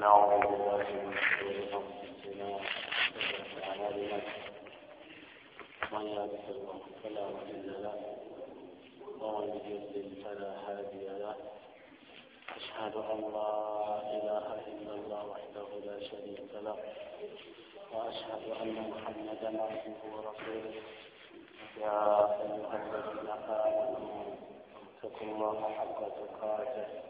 ونعوذ بالله من شرور انفسنا وسيئات اعمالنا من فلا مضل له ومن يضلل فلا هادي له أشهد أن لا إله إلا الله وحده لا شريك له وأشهد أن محمدا عبده ورسوله يا أيها الذين آمنوا اتقوا الله حق تقاته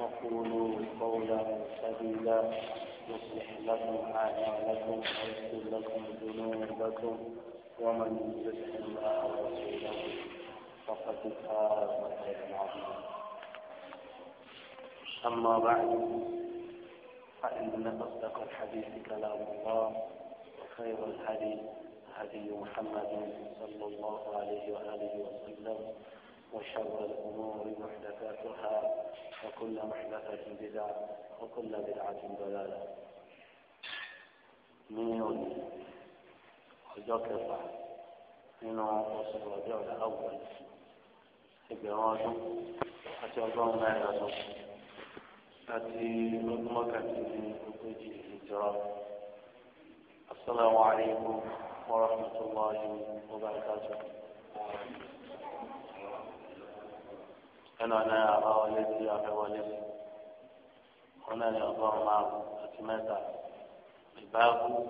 وقولوا قولا سديدا يصلح لكم أعمالكم ويغفر لكم ذنوبكم ومن يطع الله ورسوله فقد فاز خيرا عظيما أما بعد فإن أصدق الحديث كلام الله وخير الحديث هدي محمد صلى الله عليه وآله وسلم وشر الأمور محدثاتها وكل محدثة بدعة وكل بدعة ضلالة ميون أجاك الله من أوصل رجوع الأول إبراج أتوقع ما يرسل أتي مطمكة من قطيج الهجرة السلام عليكم ورحمة الله وبركاته أنا أنا يا أبا وليد يا أبا وليد هنا يا أبا معه أتماتع الباب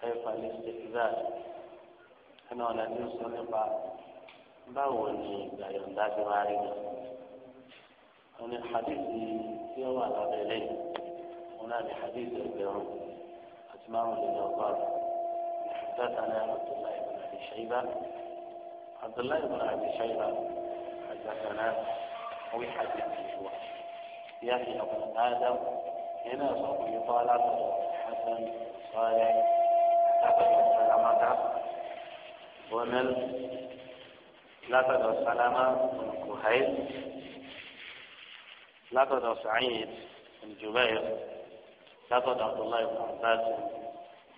كيف الاستحذاج أنا أنا نوصل يبع باب وني دا ينداج مارينا أنا حديثي يا وانا بيلي هنا بحديث البيرو أتماعه لنظر حدثنا عبد الله بن أبي شيبة عبد الله بن أبي شيبة حدثنا أو يحدد في واحد يحيى ابن آدم هنا صوت الإطالة حسن صالح تقبل السلامة ومن لا تدعو السلامة بن كهيل لا تدعو سعيد بن جبير لا تدعو عبد الله بن عباس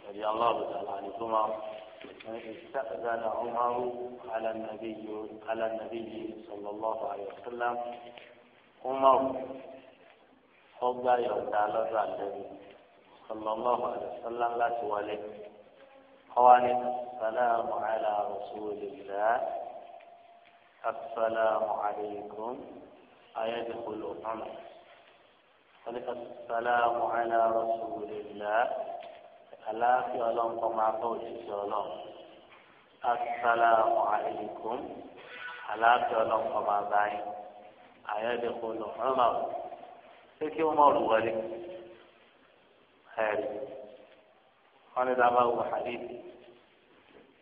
رضي الله تعالى عنهما استأذن عمر على النبي على النبي صلى الله عليه وسلم عمر ọgbà yọ̀ǹda lọ́dọ̀ àlẹ́bí sallallahu alaihi wasallam láti wọlé ọwọ́ ni asalaamu ala rasulillah asalaamu alaykum ayédèkúlò ọmọ wọ́n ni asalaamu ala rasulillah àlàáfíà ọlọ́run kọ́ máa bá òṣìṣẹ́ ọlọ́run asalaamu alaykum àlàáfíà ọlọ́run kọ́ máa bá yín àyẹ̀dẹ̀kọ́ lọ ọ̀rọ̀ ṣé kí wọ́n mọ̀ọ́rù wọlé ẹ̀rí wọ́n ní dábàá wò hadith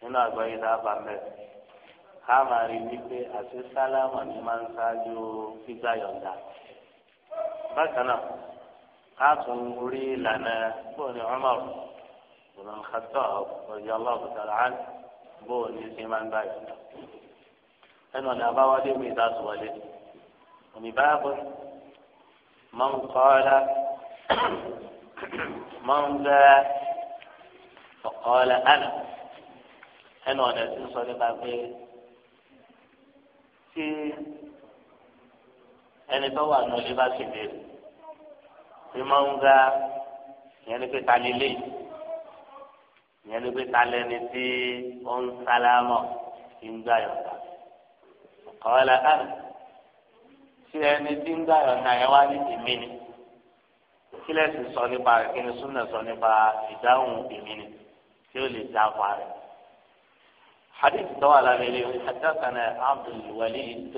nínú àgbáyé dábàá mẹ́rin ká máa rí wípé àti sálámà ni máa ń ṣáájú gbígbà yọ̀ǹda bákan náà ká tún rí ìlànà bóyá ọmọ rẹ̀ ọ̀nà kàtọ́ ọ̀jọ́ ọlọ́ọ̀bù tààrà án bó o ní ṣe máa ń bá yìí. ẹnu ọ̀nà àbáwọlé mi ìdá sọ wọlé òní báàbò máa ń kọ́ ọ́lá máa ń bẹ́ ọ̀kọ́ ọ́lá ánà ẹnu ọ̀nà tí ń sọ nípa pé tí ẹni tó wà nù ilé bá sì bèrè fi máa ń ga ìyẹn ní pé ta ni léyìí ìyẹn ló gbé kalẹ̀ ní tí ó ń sálámọ̀ tí ń gbà yọ̀ǹda ọ̀la kan tí ẹni tí ń gbà yọ̀ǹda yẹn wá ní èmi ni kí lẹ́sìn sọ nípa rẹ̀ kí ni súnà sọ nípa ìdáhùn èmi ni tí ó lè dá pa rẹ̀. حديث طوال عليه حدثنا عبد الوليد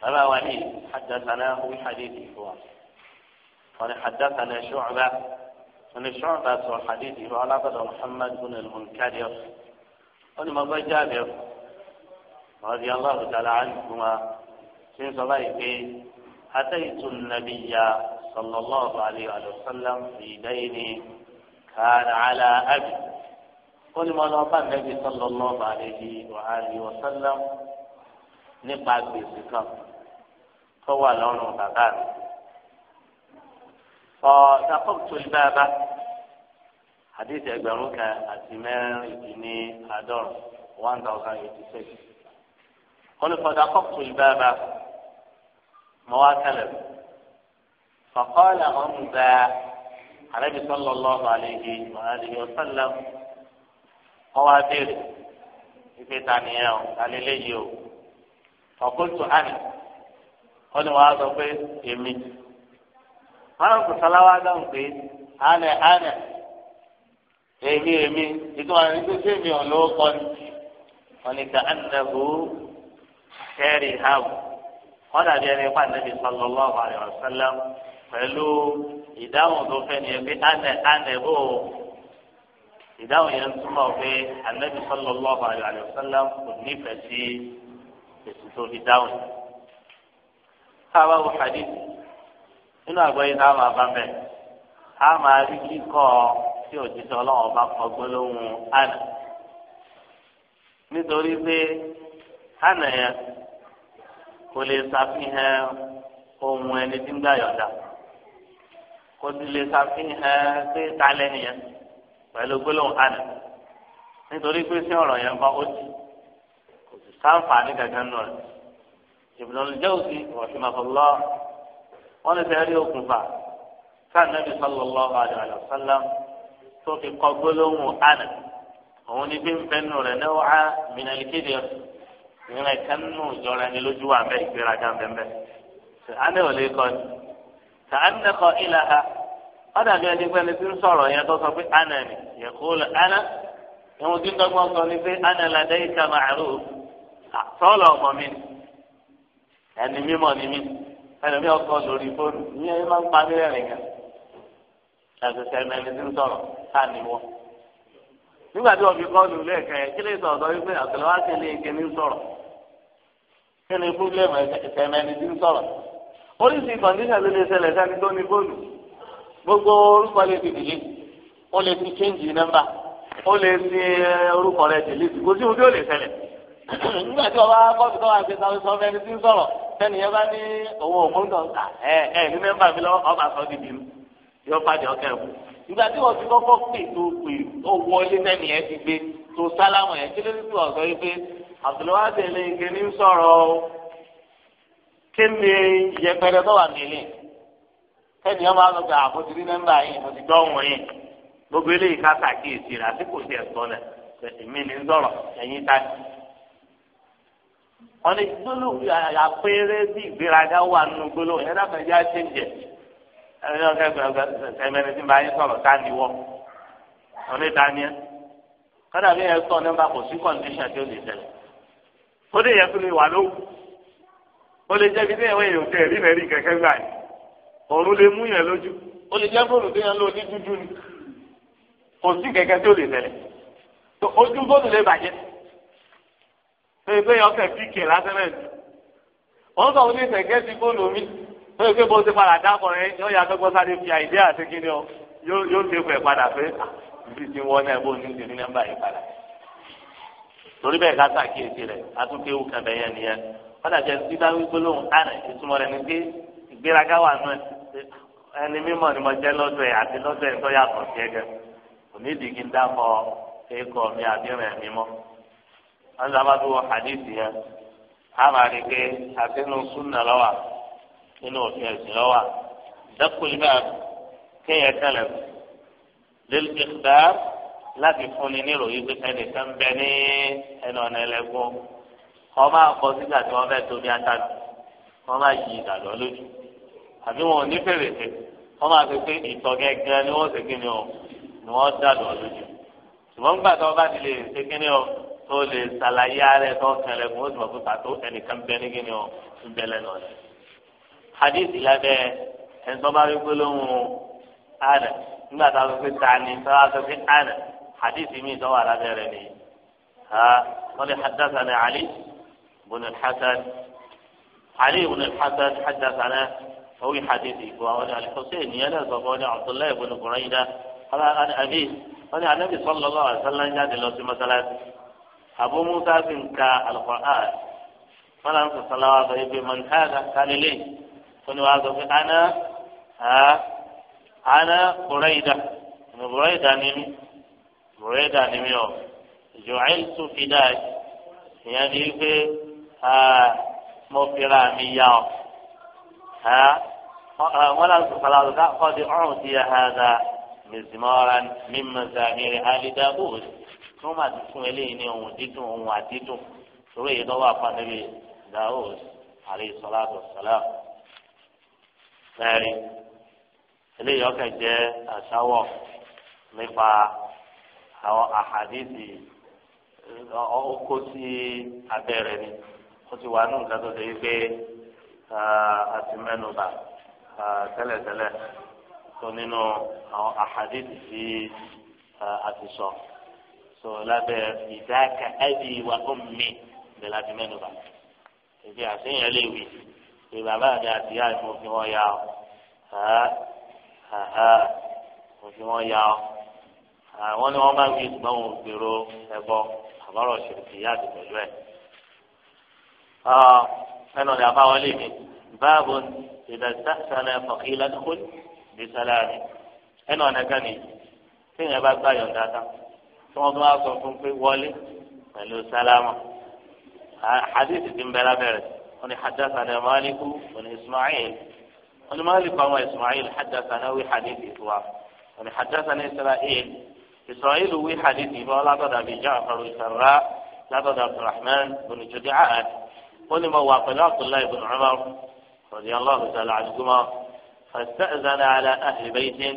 فما وليد حدثناه بحديث هو قال حدثنا شعبة من شعبة وحديثه وعلى قدر محمد بن المنكدر ولما جابر رضي الله تعالى عنهما في صبايبي أتيت النبي صلى الله عليه وسلم في دين كان على أبي ولما لقى النبي صلى الله عليه وآله وسلم نقع بسكم فهو لونه بغاني فنقبت الباب حديث أجبروك أتمار إبني أدور 1086 قل فنقبت الباب مواكلا فقال عمدا النبي صلى الله عليه وآله وسلم هو أبير إذا تانيو قال لي فقلت أنا قل وهذا بيت يمين wọn kò sáláwá dáhùn pé hánẹ hánẹ èmi èmi ìtumọ̀ ní tó sèmi ọ̀ ló kọ́ ni wọn ni ká ànàbó kẹrì hàwù wọn dàbí ẹni pa nàbí sallallahu alaihi wasallam pẹ̀lú ìdáhùn tó fẹ́ ni ẹ hánẹ hánẹ bò ìdáhùn yẹn túmọ̀ pé ànàbí sallallahu alaihi wasallam kò nífẹ̀ẹ́ sí èsì tó káwá wò hadith nínú àgbáyé tá a máa bá bẹ a máa rí kíkọ tí òjijì ọlọ́wọ́ bá kọ gbólóhùn àná nítorí pé àná yẹn kò lè ṣàfihàn ohun ẹni tí ń gbà yọ̀dà kò sì lè ṣàfihàn pé talẹ́ nìyẹn pẹ̀lú gbólóhùn àná nítorí pé sí ọ̀rọ̀ yẹn kọ́ ó ti kò sì sáǹfààní kankan nù rẹ̀ Ibn al-Jawzi rahimahullah wọ́n lè fẹ́ rí okùnfà sànàbí sallallahu alayhi wa sallam tó fi kọ́ gbólóhùn àná òun ni bí nbẹ́nu rẹ̀ náà wá mìnàlíkìdì ìrìn kanú ìjọra ẹni lójú wa bẹ́ẹ̀ ìgbéraga bẹ́ẹ̀ sàánà ò lè kọ́ ni sàánà kọ́ ilà ha wọ́n dàbí ẹni pé ẹni tí ń sọ̀rọ̀ yẹn tó sọ pé àná ni yẹ kó lọ àná ìwọ̀n tí dọ́gbọ́n sọ ni pé àná làdá ìka màrú sọ́ọ̀lọ̀ ọmọ mi ẹni mímọ́ ni mí ẹlòmí ọkọ lórí fóònù ìyẹn ẹ máa ń pa mí lẹ́rìn kan ẹ̀sẹ̀sẹ̀ ẹ̀mẹ́ni ti ń sọ̀rọ̀ ká ní wọ́n. nígbà tí wọ́n fi kọ́ọ̀lù lẹ́ẹ̀kan ẹ̀ kí lè sọ̀rọ̀ sọ wípé àtẹ̀lẹ́ wá sí ilé ike ní sọ̀rọ̀ kí ni fúlẹ̀mù ẹ̀sẹ̀ ẹ̀mẹ́ni ti ń sọ̀rọ̀. oríṣi kọ̀ǹdíṣà ló lè ṣẹlẹ̀ sẹ́ni tó ní fóònù gbogbo orúkọ lè ti dìlé ó lè ti kéńjì nọ́mbà ó lè ti eh, orúkọ rẹ̀ dìlé kò sí ohun tí ó lè ṣẹlẹ̀ nígbà tí sẹ́ni yẹn ní owó ògbóǹdọ̀ ńkà ẹ ẹ ní mẹ́fà mi lọ́wọ́ ọba sọ di bìrù yóò pàdé ọkẹ́ ẹ̀kú. ìgbà tí wọ́n ti kọ́kọ́ pè tó pè ó wọlé sẹ́ni yẹn ti gbé tó sálámù yẹn kí ló ọ̀sọ́ yìí pé àtúlọ́wọ́ àtẹ̀lé ike ní sọ̀rọ̀ o kí tó wà nílé sẹ́ni yẹn lọ gba àbótí ní nọ́mbà yìí mo ti dọ́wọ́ yìí gbogbo eléyìí ká wọn ni gbólóhùn àpẹẹrẹ bí ìgbéraga wà nínú gbólóhùn yẹn dábàá yá ṣe ń jẹ ẹni ọkẹ ẹmẹni tí bá yín sọ̀rọ̀ ká niwọ wọn ni daniẹ kódà bí yẹn sọ nípa kò sí kọndíṣàn tí ó lè tẹ́lẹ̀ ó lè o kó lè wà lówù ó o jẹ́ bí ní ẹ̀wọ̀n èèyàn tẹ̀ rí rẹ̀ rí kẹ̀kẹ́ gbà yìí òru lè mú yẹn lójú ó lè jẹ́ fóònù tó yẹn lò ní dúdú ni kò sí kẹ̀kẹ́ tí ó lè tẹ̀lẹ̀ ojú fóònù lè bàjẹ́ ṣe pé yọ ọkẹ píkè lásẹ̀lẹ̀ ni wọ́n sọ fún mi sẹ̀kẹ́ ti fóònù mi ṣe pé bó ti padà dákọ̀ rẹ yóò yà tó gbọ́sá lè fi àìdí àti kíni ọ yóò ṣe pẹ̀ padà pé ah, ibi tí wọ́n náà bó ní ti ní nọ́mbà yìí padà torí bẹ́ẹ̀ ká sàkíyèsí rẹ̀ atúkéwù kẹfẹ́ yẹn nìyẹn wọ́n dàjẹ́ síbá wípé lóhùn àrẹ̀ ìtumọ̀ rẹ̀ ni pé ìgbéraga wà nù ẹ̀ ẹni mímọ̀ ni mo jẹ́ lọ́dọ̀ ẹ̀ àti lọ́dọ̀ ẹ̀ tó yàtọ̀ sí ẹ̀gẹ̀ òní ìdí kí n dákọ̀ ẹ̀kọ́ mi àbí rẹ̀ mímọ́ wọn sábà tó wọ hadith yẹn a máa rí i pé àtinú súnà lọ́wà nínú òfin ẹ̀sìn lọ́wà dákúlì bá kéèyàn tẹ̀lé lẹ́lẹ́kẹ̀ dá láti fúnni níròyìn pé ẹnìkan bẹ ní ẹnu ọ̀nà ẹlẹ́gùn kọ́ máa kọ sígbà tí wọ́n fẹ́ tóbi àtàlù wọ́n máa yí ìdàlọ́ lójú àbí wọn ò ní fèrèsé wọ́n máa fi pé ìtọ̀ gẹ́gẹ́ ni wọ́n ṣe kí ni ọ ni wọ́n dàlọ́ lójú ṣùgbọ́n gbàtọ́ bá ti lè ṣe kí ọ tó lè ṣàlàyé ara ẹ̀ tó kẹlẹ̀ fún oṣù ọ̀gbìn pàtó ẹnìkan bẹ ní kíni ọ̀ ń bẹ̀lẹ̀ náà lẹ̀. hadith lábẹ́ ẹni tó bá rí gbólóhùn ànà nígbà tá a sọ pé tani tó a sọ pé ànà hadith mi tó wà lábẹ́ rẹ̀ nìyí. wọ́n lè haddathana ali bùnú hasan ali bùnú hasan haddathana orí hadith ìgbọ́ àwọn alḥusayn yẹn sọ fún ọ ní abdullahi bùnú buraida wọ́n lè anabi sọ́lọ́lọ́ àṣálá ń jáde lọ sí mọ́sálásí. abu musa fi nka alqur'an wọn làwọn sọsọ la wàá sọ ibi man hada kálílé wọn ni wàá sọ pé ana ha ana buraida ni buraida ni mi buraida ni mi o jùwẹ́l tó fi dáa ìyẹn ni pé mo fira mi yá o wọn làwọn sọsọ la wàá sọ kọ́ di ọ̀hún ti yà hada mizmọ́ra mímọ́ sàmìrì alidabud. tí wọ́n máa ti fún eléyìí ní ohun dídùn ohun àdídùn sórí èyí lọ́wọ́ àpàdébí Daud alayhi salatu wassalam ẹ̀rí eléyìí ọkẹ jẹ́ àṣàwọ̀ nípa àwọn àhàdìsì ọkọ sí abẹ́rẹ́ ni ó ti wà ní nǹkan tó ṣe wípé àti mẹ́nuba tẹ́lẹ̀tẹ́lẹ̀ tó nínú àwọn àhàdìsì tí a sọ lábẹ́ ìdáka ẹbí wa ọmọmi bẹ́ẹ̀ láti mẹ́nu bá ìdí àṣeyàn lè wí pé bàbá mi àti ìyá mi òfin wọn yá ọ òfin wọn yá ọ àwọn ni wọn bá wí ṣùgbọ́n òun gbèrò ẹbọ àbọrọ ṣèlùkì yá àti pẹ̀lú ẹ. ẹnu ni àbáwọlé mi báàbò ìdàtàsánà fọkìlá tó kó bisalami ẹnu ọ̀nà kan ni tí ìyẹn bá gbà yọ̀ǹda tán tí wọ́n tún wá sọ fún pé wọlé pẹ̀lú sálámà hadith ti ń bẹ lábẹ́rẹ̀ wọ́n ní hadathana maliku wọ́n ní ismail wọ́n ní maliku àwọn ismail hadathana wí hadith ìfúwa wọ́n ní hadathana israel israel wí hadith ìfúwa látọ̀dọ̀ abi jaafar ìsarra látọ̀dọ̀ abdulrahman bin judi'ad wọ́n ní mo wà pẹ̀lú abdullahi bin umar radiyallahu ta'ala anhuma fasta'zana ala ahli baytin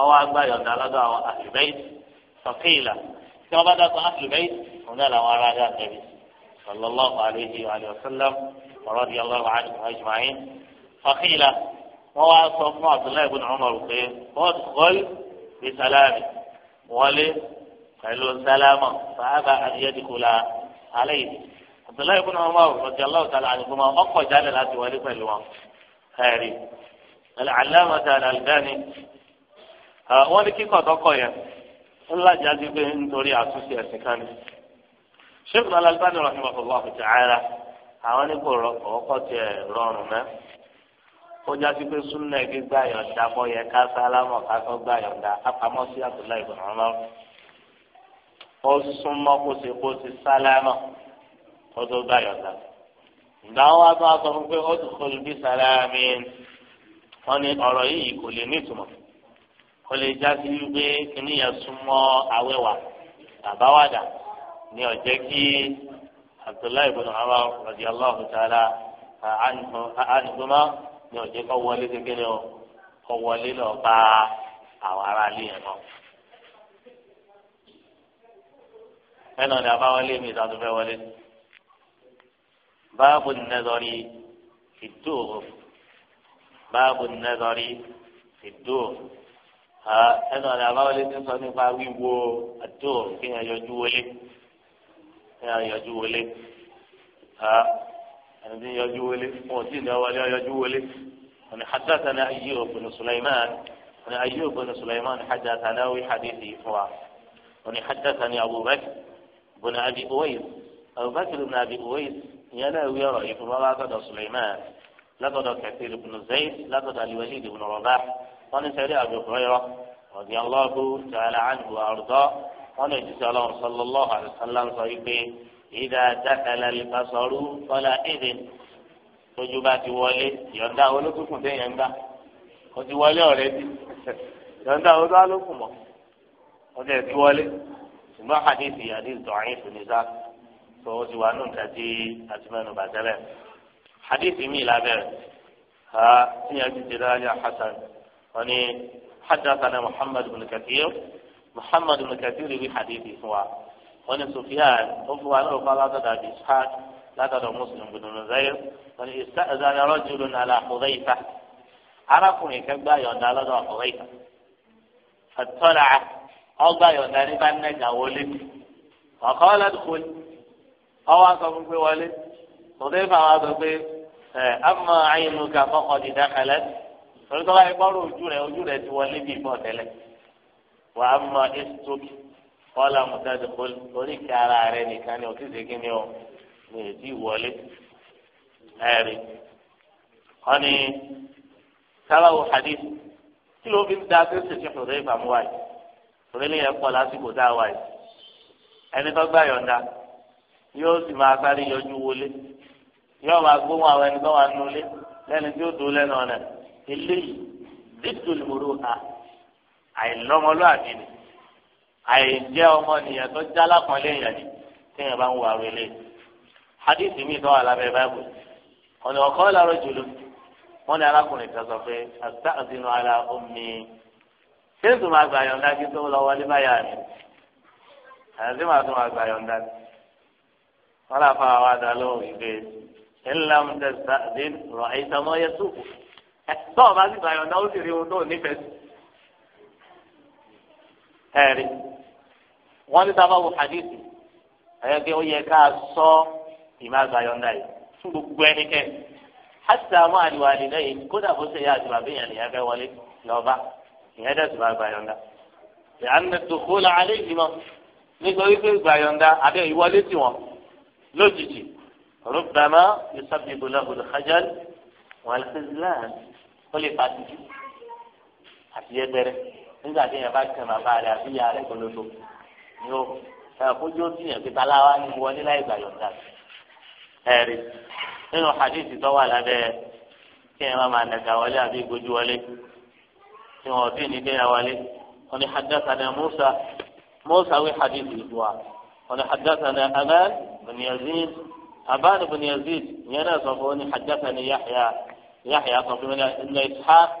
ọwọ́ agbáyọ̀ dàlọ́dọ̀ àwọn ahli fàkìlà tí wọn bá dákọ àtúbẹ́yì òun náà làwọn ará dá tẹ̀lé sallallahu alayhi wa sallam wa radiyallahu anhum ajma'in fàkìlà wọn wá sọ fún abdullahi ibn umar pé bọ́d gọ́l bí sálámì wọlé pẹ̀lú sálámà fàábà àdìyẹ́dìkúlà alẹ́ yìí abdullahi ibn umar radiyallahu ta'ala anhuma ọkọ̀ jáde láti wọlé pẹ̀lú wọn kẹrin alẹ́ àlámà tààlà àlùdáni wọn ní kíkọ̀ tọkọ̀ yẹn. ńlá jáde pé nítorí àtúnṣe ẹ̀sìn kan ní. sheikh al-Albani rahimahullah ta'ala àwọn nípò ọkọ tiẹ̀ rọrùn mẹ́ ó jáde pé súnà gbígbà yọ̀ǹda bọ́ yẹ ká sálámọ̀ ká tó gbà yọ̀ǹda sí ó kó ṣe kó ṣe sálámọ̀ kó tó gbà yọ̀ǹda ìgbà wọn wá tó wá sọ fún pé ó ti kọlu bí sálámì ó lè jásí wípé kíní yẹn súnmọ́ awẹ́wà àbáwádà ní ọ̀jẹ́ kí abdullahi ibn Umar radiyallahu ta'ala anhuma ní ọ̀jẹ́ kọ́ wọlé kékeré o kọ́ wọlé lọ bá àwọn aráalé yẹn náà. ẹnu ọ̀dà abáwọlé mi ìta tó fẹ́ wọlé. báàbù nẹ́dọ̀rí ìdóòrò báàbù nẹ́dọ̀rí ìdóòrò. ẹnu ọ̀nà àbáwọlé ti sọ nípa wíwo àdó kí wọ́n yọjú wọlé kí wọ́n yọjú wọlé ẹni tí yọjú wọlé wọn ò tí ì ní ọwọ́lé yọjú wọlé wọn حدثنا أيوب بن سليمان wọn أيوب بن سليمان حدثنا حديثه fún wa wọn حدثني أبو بكر بن أبي أويس أبو بكر بن أبي أويس يناوي رأي فما لا سليمان لقد كثير بن زيد لقد الوليد بن رباح wọ́n ní sẹ́dí Abu Hurairah radiyallahu ta'ala anhu àrùtọ́ wọ́n lè jíṣẹ́ ọlọ́run sallallahu alaihi wasallam sọ wípé ìdá dákàlà lùbásọ̀rù fọlá èdè tójú bá ti wọlé yọ̀ǹda olókùnkùn téèyàn ń gbà ó ti wọlé ọ̀rẹ́ bí yọ̀ǹda olókùnkùn mọ̀ ó ti ẹ̀ ti wọlé ṣùgbọ́n hadith hadith da'if ní sá tó o ti wà nù kàtí àtìmẹ́nu bàtẹ́lẹ̀ hadith mi làbẹ̀rẹ̀ ha tíyẹn ti ti dára ní hasan. وني حدثنا محمد بن كثير محمد بن كثير في حديثه هو وني سفيان هو عن قال هذا إسحاق هذا مسلم بن نزير وني استأذن رجل على حذيفة عرفني يكبا يونا لدى حذيفة فاطلع أوبا يونا ربا نجا ولد وقال ادخل أو أصبح بولد حذيفة أصبح أما عينك فقد دخلت torí tó bá yẹ kọ́rọ̀ ojú rẹ̀ ojú rẹ̀ ti wọlé bí ìbọn tẹ́lẹ̀ wà á mọ estoki kọ́lá mùtẹ́tì oríkì ara rẹ̀ nìkan ni òtítì kíni o ní èdè ìwọlé ẹ̀rí wọ́n ní sábàwò hadith kí ló fi ń da tó ṣèṣe fòdó ìfàmúwáyé fòdó ilé yẹn pọ̀ lásìkò dáwáyé ẹni tó gbà yọ̀ǹda yóò sì máa sáré yọjú wọlé yóò máa gbóhùn àwọn ẹni tó wà nulẹ̀ lẹ́ni tí ó dúró lẹ́nu ọ̀nà eléyìí dídùn ìmúrò ha àìlọ́mọlúwàbí ni àìjẹ́ ọmọ nìyẹn tó jálá kan léèyàn ni téèyàn bá ń wo àrò eléyìí hadithi mi tó wà lábẹ́ báàbò ọ̀nà ọ̀kọ́ làrọ̀ jùlọ wọn ní arákùnrin kan sọ pé àtúntà àdínú ara omi ṣé ètò máa gbà yọ̀ǹda kí tó lọ wọlé báyà mi àti máa tó máa gbà yọ̀ǹda wọn làfa àwọn àdàlọ́ ìgbé ńlá ń tẹ̀sán àdínú rọ̀ àìsàn tó kù tó o bá sì gbà yọ̀ǹda ó sì rí ohun tó o nífẹ̀ẹ́ sí. ẹ̀rí wọ́n ní sábà wo hadith ẹ̀yẹ́dẹ́ ó yẹ ká sọ ìmá gbà yọ̀ǹda yìí fún gbogbo ẹnikẹ́ni. hàtà mọ́ àdìwà àdìlẹ́ yìí kódà bó ṣe yá àdìwà bí ìyàn ìyàn fẹ́ wọlé lọ́ba ìyẹn dẹ̀ sì máa gbà yọ̀ǹda. ìyànnà tó kó la alẹ́ yìí nítorí pé gbà yọ̀ǹda àbẹ́ ìwọlé tì wọ́n lójijì rúbàmá yusabibu lahu al-khajal ó lè fa tuntun àti ẹgbẹrẹ nígbà tí yẹn bá tẹ màmá rẹ àbí ìyá rẹ gbọdọdọ ni ó ẹkọjú ó tìyàn pé baláwa ni wọlé láì gbà yọ̀ǹda ẹ̀rí nínú hadith tó wà lábẹ́ kí ẹ má máa nàgà wọlé àbí ìgbójú wọlé tí wọn ò tí ì ní kéèyàn wọlé wọn ni hadathana Musa Musa wí hadith ìlú wa wọn ni hadathana Aban bin Yazid Aban bin Yazid yẹn náà sọ fún wọn ni hadathana Yahya. يحيى بن إن إسحاق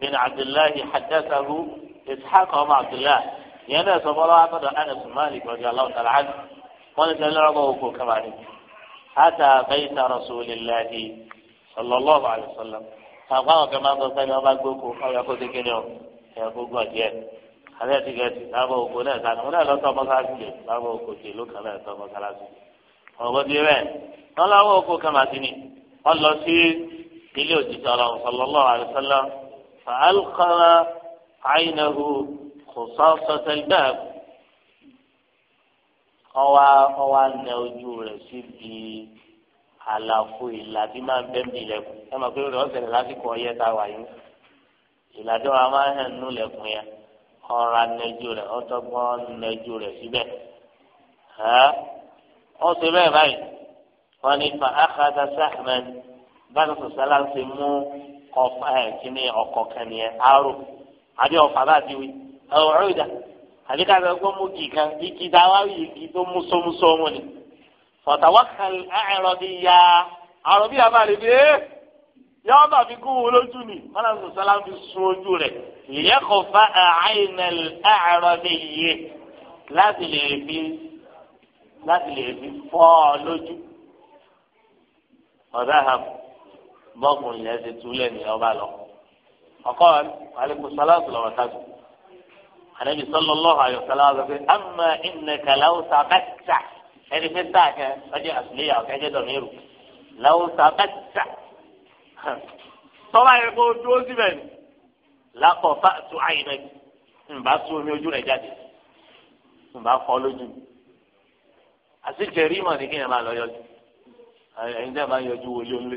بن عبد الله حدثه إسحاق أم عبد الله ينا سبلا أقد أنس مالك رضي الله تعالى عنه قال سنعرضه كما أتى بيت رسول الله صلى الله عليه وسلم فقال كما قال أبا بوكو أو يقول ذكر يقول قد alẹ́ ti gẹ̀ẹ́sì lábọ̀ òkú náà sani wọn náà لا sọ mọ́sálásí lè لا òkú tì ló kàn náà sọ mọ́sálásí. ọ̀gbọ́n ti rẹ̀ wọ́n lábọ̀ òkú kan màsí ni wọ́n lọ nílé òjijì ọlọ́run sallallahu alaihi wasallam fa alqa aynahu khusasata al-bab ọwọ́ ọwọ́ anẹ ojú rẹ̀ síbi àlàfo ìlà tí máa ń bẹ́ ń bi ilẹ̀kùn ẹ máa pé rẹ̀ ọ́ ṣẹlẹ̀ lásìkò ọyẹ́ tá a wà yín ìlà tí máa ń hàn nú ilẹ̀kùn yẹn ọ̀rọ̀ anẹ́jú rẹ̀ ọ̀tọ́gbọ́n anẹ́jú rẹ̀ síbẹ̀ ẹ́ ọ́ ṣe bẹ́ẹ̀ báyìí wọ́n ní fa akhadha sahman. báyìí sọ̀sálà ti mú ọ̀fà ẹ̀ kíní ọkọ kẹ́ni ẹ̀ arò àbí ọ̀fà bá ti wí ọ̀rọ̀ ìdá àbí káfíń gbọ́ mú kì kan igi a wá yìí tó mú sómúsómú ni bí ya àrò bí abá rẹ̀ bí yọ ọba fi kú wọn lójú ni báyìí sọ̀sálà fi sun ojú rẹ àìnàl bí yé láti lè fi láti lè fi bọ́ọ̀kùnrin yẹn ti túlẹ̀ ní ọba lọ. ọkọ alekun salatu lọrọ sábẹ anabi sallallahu alayhi wa sallam sọ pé ama innaka lawusa bàtà ẹni pé tá a kẹ ọjọ àtúnyẹ ọkẹ ẹjẹ dọmíru lawusa bàtà tọ́ba yẹ kó dúró síbẹ̀ ni lakọ̀ fa tu àyìnbẹ́ nba tu omi ojú rẹ̀ jáde nba fọ́ lójú àti jẹ̀rí mọ̀ ní kí yẹn máa lọ yọjú ẹ̀yin tẹ́ máa yọjú wọlé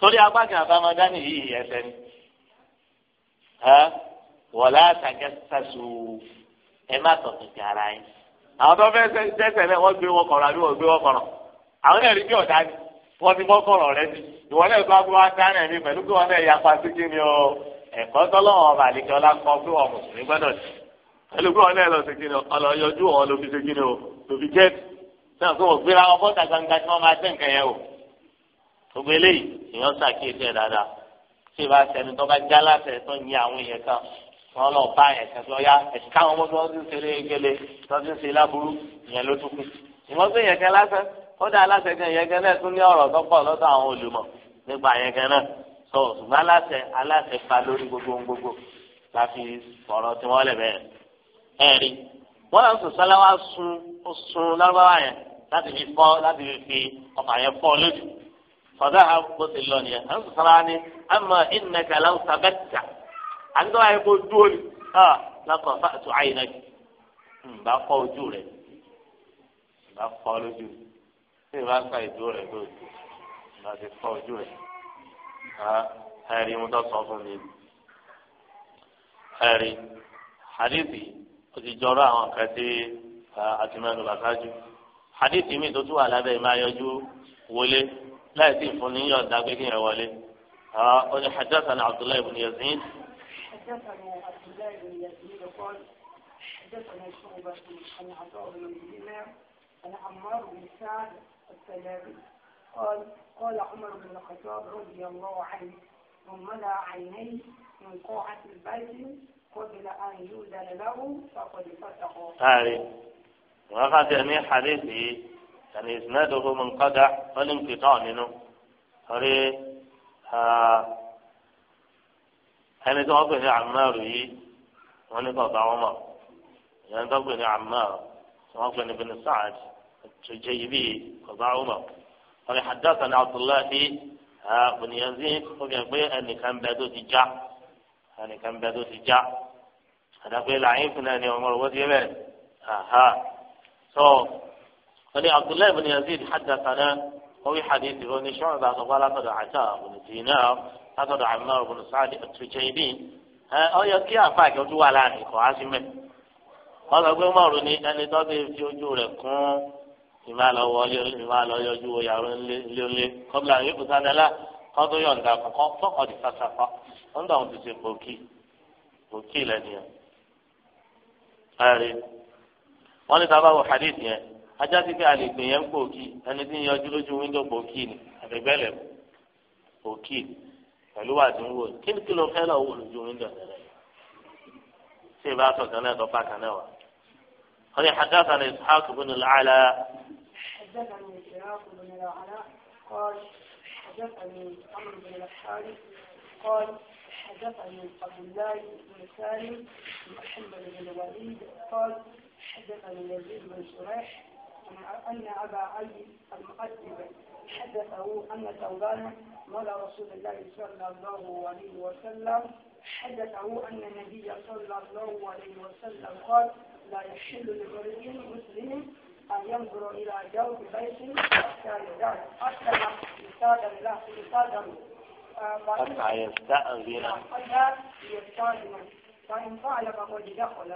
torí agbágan àbámadání yìí ẹsẹ̀ ni wọlé àtàgẹ́sàsù ẹ má tọ̀tọ̀ ti ara yín. àwọn tó fẹ́ sẹ́sẹ̀ náà wọ́n gbé wọn kọ̀rọ̀ àbí wọ́n gbé wọn kọ̀rọ̀ àwọn náà bí ọ̀dà ni wọ́n ti mọ́ kọ̀rọ̀ rẹ sí ìwọ náà tó agbó wá dáná ẹ̀mí pẹ̀lú pé wọ́n náà ya pa sí kíni o ẹ̀kọ́ tọ́lọ́wọ́n ọba àlejò ọlá kọ́ pé wọ́n mùsùlùmí gbọ́dọ̀ sí pẹ̀lú pé wọ́n náà lọ sí kíni ọlọ́ yọjú wọn ló fi sí kíni o ló fi jẹ́ náà pé wọ́n gbéra wọn bọ́ta gbangba tí wọ́n máa tẹ̀ nǹkan yẹn o gbogbo eléyìí èèyàn ṣàkíyèsí ẹ dáadáa tí ìbá sẹni tó bá já láṣẹ tó ń yẹ àwọn èèyàn kan wọn lọ bá yẹn kan lọ ya ẹsì káwọn ọmọ tó ń ṣeré gẹlẹ tó ń ṣe láburú ìyẹn ló tún kù ìwọ́n tó yẹn kan lásán kódà aláṣẹ kan yẹn kan náà tún ní ọ̀rọ̀ tó pọ̀ lọ́dọ̀ àwọn olùmọ̀ nípa yẹn kan náà sọ ṣùgbọ́n aláṣẹ aláṣẹ pa lórí gbogbo gbogbo láfi ọ̀rọ̀ tí wọ́n lẹ̀ bẹ́ẹ̀ ẹ̀ rí wọ́n lọ sùn sọ́lá wa sun sun lọ́wọ́ yẹn láti fi fọ́ láti fi ọkọ̀ yẹn fọ́ lójú fọdà ha kó ti lọ nìyẹn à ń sọ̀rọ̀ ni àmọ́ ìnà kàlà ń sàbẹ̀ tà à ń tọ́wọ́ àyẹ̀kọ́ dúró ni ọ̀ lọ́kọ̀ fàtú àyìnà jù ǹbà kọ́ ojú rẹ̀ ǹbà kọ́ lójú tí ìbá sọ ìdúró rẹ̀ tó ju ǹbà ti kọ́ ojú rẹ̀ ẹ̀rí ń tọ́ sọ fún mi ẹ̀rí hadithi ó ti jọrọ àwọn kan tí àtìmọ́nù bàtà jù hadithi mi tó tún wà lábẹ́ ìmáyọjú wọlé. لا يتم فنيا دابين أولي آه حدثنا عبد الله بن يزيد حدثنا عبد الله بن يزيد قال حدثنا شعبة عن عطاء بن دينار عن عمار بن سعد السلامي قال قال عمر بن الخطاب رضي الله عنه من ملا عينيه من قاعة البيت قبل أن يؤذن له فقد فتحه. هذه وقد يعني حديثي يعني إسناده منقطع والانقطاع منه هري ẹni tó wọ́n pè ní amaru yìí wọ́n ní bàbá wọn mọ̀ ẹni tó pè ní amaru tí wọ́n pè ní bin saad tó jẹ́ ibi bàbá wọn mọ̀ wọ́n ní hadasa ní abdullahi bin yazid ó fi hàn pé ẹnìkan bẹ tó ti já ẹnìkan bẹ tó ti já àdàpé làyín fún ẹni ọmọ rẹ wọ́n ti bẹ̀ aha so. فني عبد الله بن يزيد حدثنا وفي حديث ابن شعبة قال أخذ عتاء بن دينار أخذ عمار بن سعد التجيبي أو يكي أفاك وجوا لاني قاسم قال أبو عمر ني أن تضيف في وجوهكم ìmá lọ wọlé ìmá lọ yọjú ìyàwó ńlẹ́lẹ́ kọ́bílà yóò sanadala kọ́tún yọ̀ǹda kọ́kọ́ fọ́kàn ti sàṣàkọ́ wọ́n dà wọ́n ti ṣe pòkì pòkì lẹ́nu yẹn. wọ́n ní sábà wọ hadith yẹn ajá ti fi àlègbè yẹn gbòógì ẹni tí ń yọjú lójú wíńdò gbòógì ni àbẹ̀gbẹ́lẹ̀ gbòógì pẹ̀lú wà tí ń wò kí ni kí ló fẹ́ lọ wò lójú wíńdò tẹ́lẹ̀ ṣé ìbá sọ kan náà tó bá kan náà wà. wọ́n ní hadasa ní ishaq bin al-ala. حدثني عمرو بن الحارث قال حدثني عبد الله بن سالم محمد بن الوليد قال حدثني يزيد بن شريح أن أبا علي المقدم حدثه أن ثوبان مولى رسول الله صلى الله عليه وسلم حدثه أن النبي صلى الله عليه وسلم قال لا يحل لمرئ مسلم أن ينظر إلى جوف بيت حتى يدعي آه، حتى يستاذن له يستاذن حتى يستأذن حتى يستأذن فإن فعل فقد دخل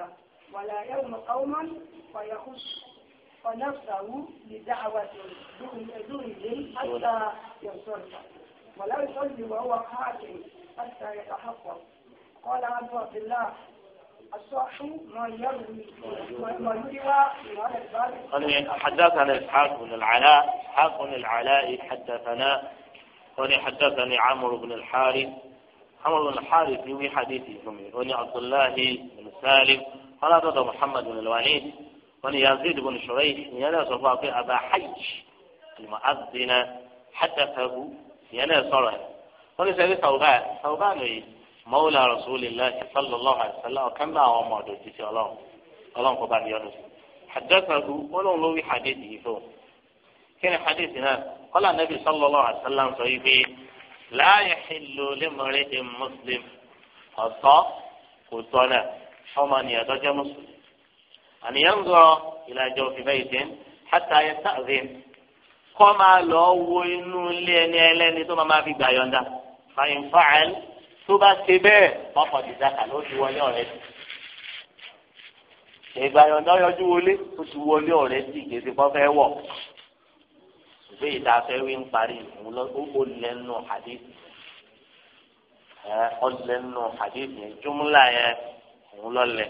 ولا يوم قوما فيخص فنفسه لدعوة دونه حتى ينصرف ولا يصلي وهو قاطع حتى يتحقق قال عبد الله الصح ما يروي وما يروى حدثنا إسحاق بن العلاء إسحاق بن العلاء حدثنا قال حدثني عمرو بن الحارث عمرو بن الحارث يوي حديثي ثم عبد الله بن سالم قال هذا محمد بن الوليد wọn ni yazid bin shuraih ìyẹn náà sọ fún wa pé aba hajj almu'adhdhin hadathahu ìyẹn náà sọ̀rọ̀ ẹ wọn ni sẹbi sàwùbá sàwùbá lóye mawla rasulillah sallallahu alaihi wa sallam ọkàn náà àwọn ọmọ ọ̀dọ̀ títí Ọlọ́run Ọlọ́run kò bá ní ọdún hadathahu wọn lòun lórí hadith yìí fún un kí ni hadith náà kọlá nabi sallallahu alaihi wa sallam sọ yìí la yahillu limri'in muslim ọ̀tọ́ kò tọ́ náà ọmọ nìyàtọ̀ jẹ́ mùsùlùmí. أن ينظر إلى جوف بيت حتى يستأذن كما لو إنه لين يلين ثم ما في بايوندا فإن فعل ثم سبه فقد ذاك الوجه وليولد ìgbàyọ̀ndà yọjú wọlé ó ti wọlé ọ̀rẹ́ sí ìgbésí kọ́ fẹ́ wọ̀ ṣùgbọ́n ìta fẹ́ wí ń parí ó lẹ́nu àdéhùn ẹ̀ ọ́ lẹ́nu àdéhùn ẹ̀ jùmúlà yẹn òun lọ́lẹ̀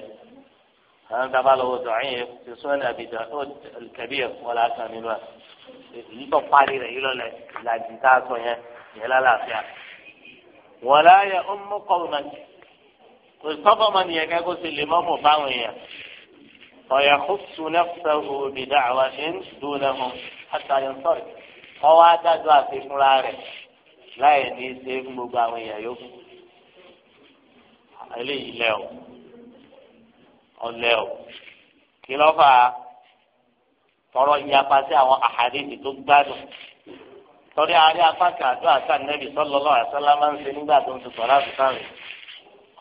àwọn kaba lọ́wọ́ dọ̀ọ́yìn ti sọ́nà àbìdá ó kẹ̀bí ẹ̀ wọ́n la kàn nínú ẹ̀ èyí tó parí rẹ̀ yìí lọ́lẹ̀ ìlàjì tá a sọ yẹn yẹn lálàáfíà. wọ́n láyà ó mú kọ́ọ̀mà kò sọ́kọ́ ma nìyẹn kẹ́ kó sì lè mọ́ mọ́ báwọn èèyàn. ọ̀yà kó sunná fẹ́ omi dá àwa ṣe ń dùn náà mọ́ àtàyàn sọ̀rọ̀ wọ́n wá dájọ́ àfikúnra rẹ̀ láì ní í ṣe gbogbo àwọn èèyàn yòókù. eléyìí lẹ́ o ọlẹ́ o kí ló fà á tọrọ ìyapa sí àwọn àhàdìsì tó gbádùn torí àárẹ̀ apá kan àdó àṣà nẹ́bí sallallahu alaihi wasallam máa ń ṣe nígbà tó ń ti sọ̀rọ̀ àbùkà rẹ̀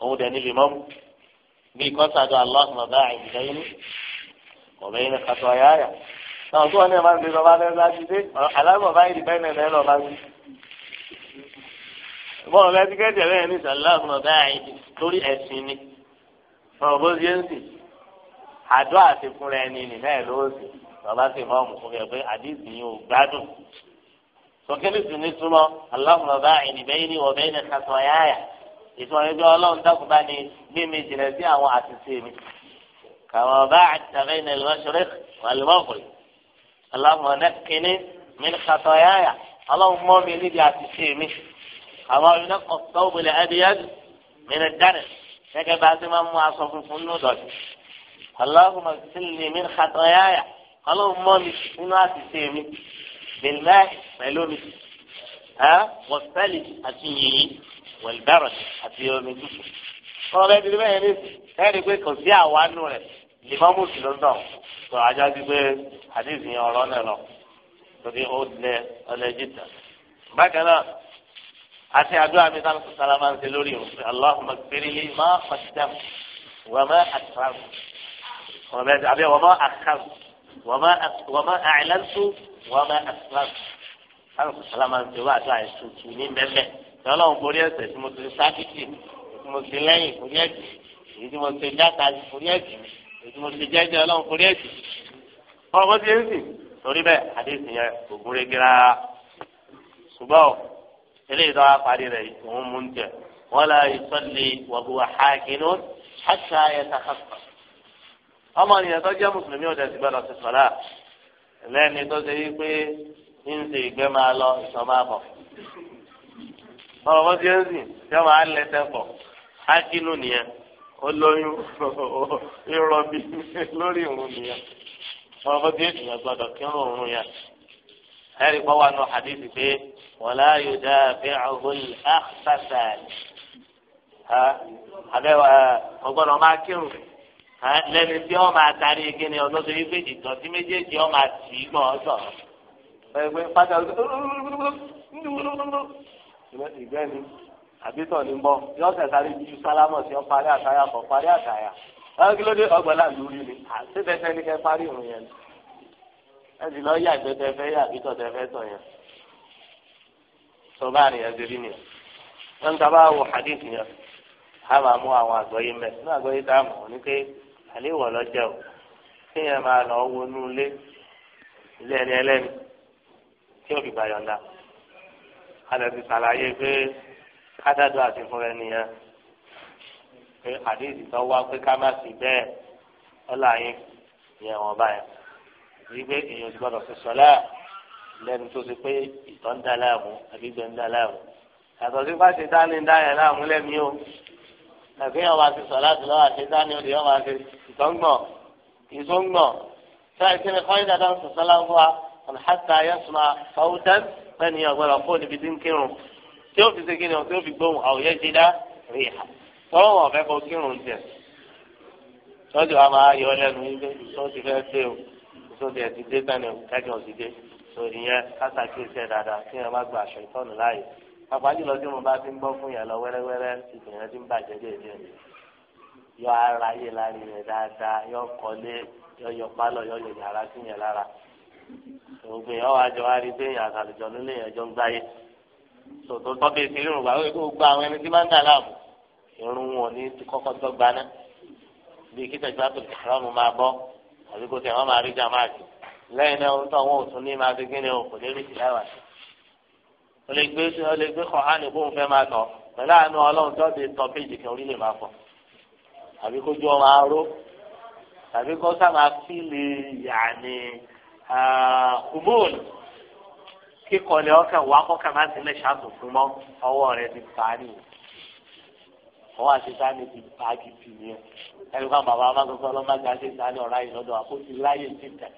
òun dẹ̀ níbi mọ́mú bí kọ́sàdọ̀ aláhùnmá bá àyìnbá yín ọ̀bẹ yín kàtó ayáyà náà tó wọn ní ẹ̀ máa ń gbé lọ́ba lẹ́nu láti dé aláàbọ̀ báyìí di bẹ́ẹ̀ nẹ́ẹ̀ lọ́ba gbé. bọ́ọ̀lù ẹtikẹ́tì rẹ̀ ní sàlámù ọ̀bẹ àyìnbá torí ẹ̀sìn ni ọ̀rọ̀ bó ṣe ń sìn àdó àti fúnra ẹni nìyẹn ẹ̀ ló sì bàbá sì mọ́ ọmọ fún yẹ pé àdìsí yìí ò gbádùn sọkẹ́lì sì ní túmọ̀ aláwùmọ̀ bá ìnìbẹ́yìn ní ọ̀bẹ́ ní kàtọ́ yáyà ìtumọ̀ ẹgbẹ́ ọlọ́run dákun bá ní mímí jìnnà sí àwọn àṣìṣe mi kàwọn ọba àtàrà ìnà ìlọ́ṣọ́rẹ́ wàlúmọ̀kùnrin aláwùmọ̀ náà kínní mí ní kàtọ́ yáyà ọlọ́run mọ́ mi níbi àṣìṣe mi àwọn ọ̀rẹ́ náà kọ̀ gẹ́gẹ́ bá a ti máa mú aṣọ funfun nínú dọ̀tí aláhùn sílẹ̀ mi xatọ́yáyà ọlọ́run mọ́ mi nínú àṣìṣe mi bẹ̀lẹ́ pẹ̀lú mi wọ́sẹ̀lì àti yìnyín wẹ̀lbẹ̀rẹ̀ àti omi tútù. wọ́n bẹ́ẹ̀ dirí bẹ́ẹ̀ ní ẹ̀rí pé kò sí àwánú rẹ̀ lèmọ́mù sí ló ń dàn ajá sí pé àdéhùn ọ̀rọ̀ náà lọ lórí ó lẹ ọlẹ́jì tán. bákan náà àti àdúrà mi sáà sàlá máa ń ṣe lórí o aláhùnmá gbèrèlè má fàtìdá wà má àtàrà àbí wà má àkàrà wà má àìlẹ́tù wà má àtàrà sáà sàlá máa ń ṣe wá àdúrà ìtutù ní mẹ́mẹ́ lọ́lọ́run borí ẹ̀ṣẹ̀ tí mo ti sákìtì tí mo ti lẹ́yìn borí ẹ̀jẹ̀ èyí tí mo ti játa borí ẹ̀jẹ̀ èyí tí mo ti jẹ́jẹ́ ọlọ́run borí ẹ̀jẹ̀ ọ̀rọ̀ bó ti ń sìn torí bẹ́ẹ̀ àdéhùn yẹn ògúnrégé rárá ṣùgbọ́n eléyìí tó wá parí rẹ̀ òun mú ń jẹ wọn là ìsọ̀lẹ̀ wàhùwà hàkínú hàṣà ẹ̀ta kàkà ọmọ ènìyàn tó jẹ́ mùsùlùmí ọ̀dẹ̀ ti gbọ́dọ̀ ti sọ̀rọ̀ lẹ́ni tó ṣe wípé ń ṣe ìgbẹ́ máa lọ ìṣọ́ máa bọ̀ ọ̀rọ̀ tí ń sìn tí wọ́n máa lẹ́sẹ̀ pọ̀ hàkínú nìyẹn olóyún ìrọ̀bì lórí ìrùn nìyẹn ọ̀rọ̀ tí ó sì gbọ́dọ̀ kírun òun yẹn ẹ̀rí kọ́ wa nù hadith pé. ولا يدافعه الأخفسان ها هذا ọgbọ́dọ̀ máa kírun lẹ́ni tí ó máa tarí igi ni ọdún tó yí pé ìdọ̀tí méjèèjì ó máa tì í gbọ́n sọ̀rọ̀ pẹ̀lú pátá ìgbẹ́ni àbítọ̀ ní bọ́ yọ sẹ̀sáré ju sálámọ̀ sí ọ parí àtàyà kọ̀ parí àtàyà báwo kí ló dé ọgbọ̀lá lórí ni àti tẹ́tẹ́ ní kẹ́ parí ìrùn yẹn ẹ sì lọ yà ìgbẹ́tẹ́fẹ́ yà àbítọ̀ tẹ́fẹ́ sọ yẹn sọ bá rìn ẹgbẹ́ rí nìyẹn wọn ta bá wọ hadith yẹn a máa mú àwọn àgbọ̀yé mẹ́ nínú àgbọ̀yé tá a mọ̀ ní pé o kéèyàn máa lọ wọnú ilé ilé ẹni ẹlẹ́ni tí òbí bá yọ̀ǹda alẹ́ ti sàlàyé pé kádàdọ̀ àti fúnra ẹnìyẹn pé àdéhìí tó wá pé ká má sì bẹ́ẹ̀ ọ̀là yín ìyẹn wọn báyẹn wípé èèyàn ti gbọ́dọ̀ fi sọ́lá lẹ́nu tó ṣe pé ìtọ́ ń dá láàmú àbí gbẹ ń dá láàmú yàtọ̀ sí bá ṣe dání ń dá yẹn láàmú lẹ́mí o àbí yàn wá ti sọ láti lọ́wọ́ àṣẹ dání òde yàn wá ti ìtọ́ngbọ̀n ìtọ́ngbọ̀n sọ́yìn kí ni kọ́yìn dáadáa ń sọ̀sọ́ láńgbọ́ ọ̀nà hàtà yẹn sùnmà fáwùtán ọ̀gbọ́dọ̀ fún níbi tí ń kírun tí ó fi ṣe kí ni o tí fi gbóhùn àwòyẹ sòrí yẹn kásàkíyèsí ẹ dáadáa kí ẹ má gba aṣọ ìtọ́nù láàyè pàpà jùlọ tí mo bá ti ń gbọ́ fún yẹn wẹ́rẹ́wẹ́rẹ́ ìtàn yẹn ti ń bàjẹ́ déédéé yọ ara yé lárí yẹn dáadáa yọ kọ́lé yọ yọ pálọ̀ yọ yọ yàrá sí yẹn lára ògbìn yẹn wàá jọ wá rí pé èèyàn àtàlùjọ nílé yẹn jọ ń gbáyé sòtò tọ́bí ìsìn irun gbogbo àwọn ẹni tí máa ń dà láàmú irun wọn ní kọ́kọ́ tó bí kí tẹ̀síwájú kẹrọ́ọ̀mù máa lẹ́yìn náà ó tọ́ àwọn òtún ní máa fi kíni o kò lè rí ìlà wà sí. o lè gbé o lè gbé kọ̀hánì bóun fẹ́ máa tọ̀ pẹ̀lú àánú ọlọ́run tó ti tọ́ péjì kan orí lè máa fọ̀ àbí kó jọ máa ró tàbí kó sá máa fi lè yàní kùmóòlù kíkọlẹ̀ ọkàn wà kọ́kàn máa ti lè ṣàtúnfún mọ́ ọwọ́ rẹ̀ ti pa á nìyẹn ọwọ́ àti sani ti bá gidi nìyẹn ẹnì kan bàbá máa ń sọ ọlọ́mọdé àti sani ọ̀rá lọ́dọ̀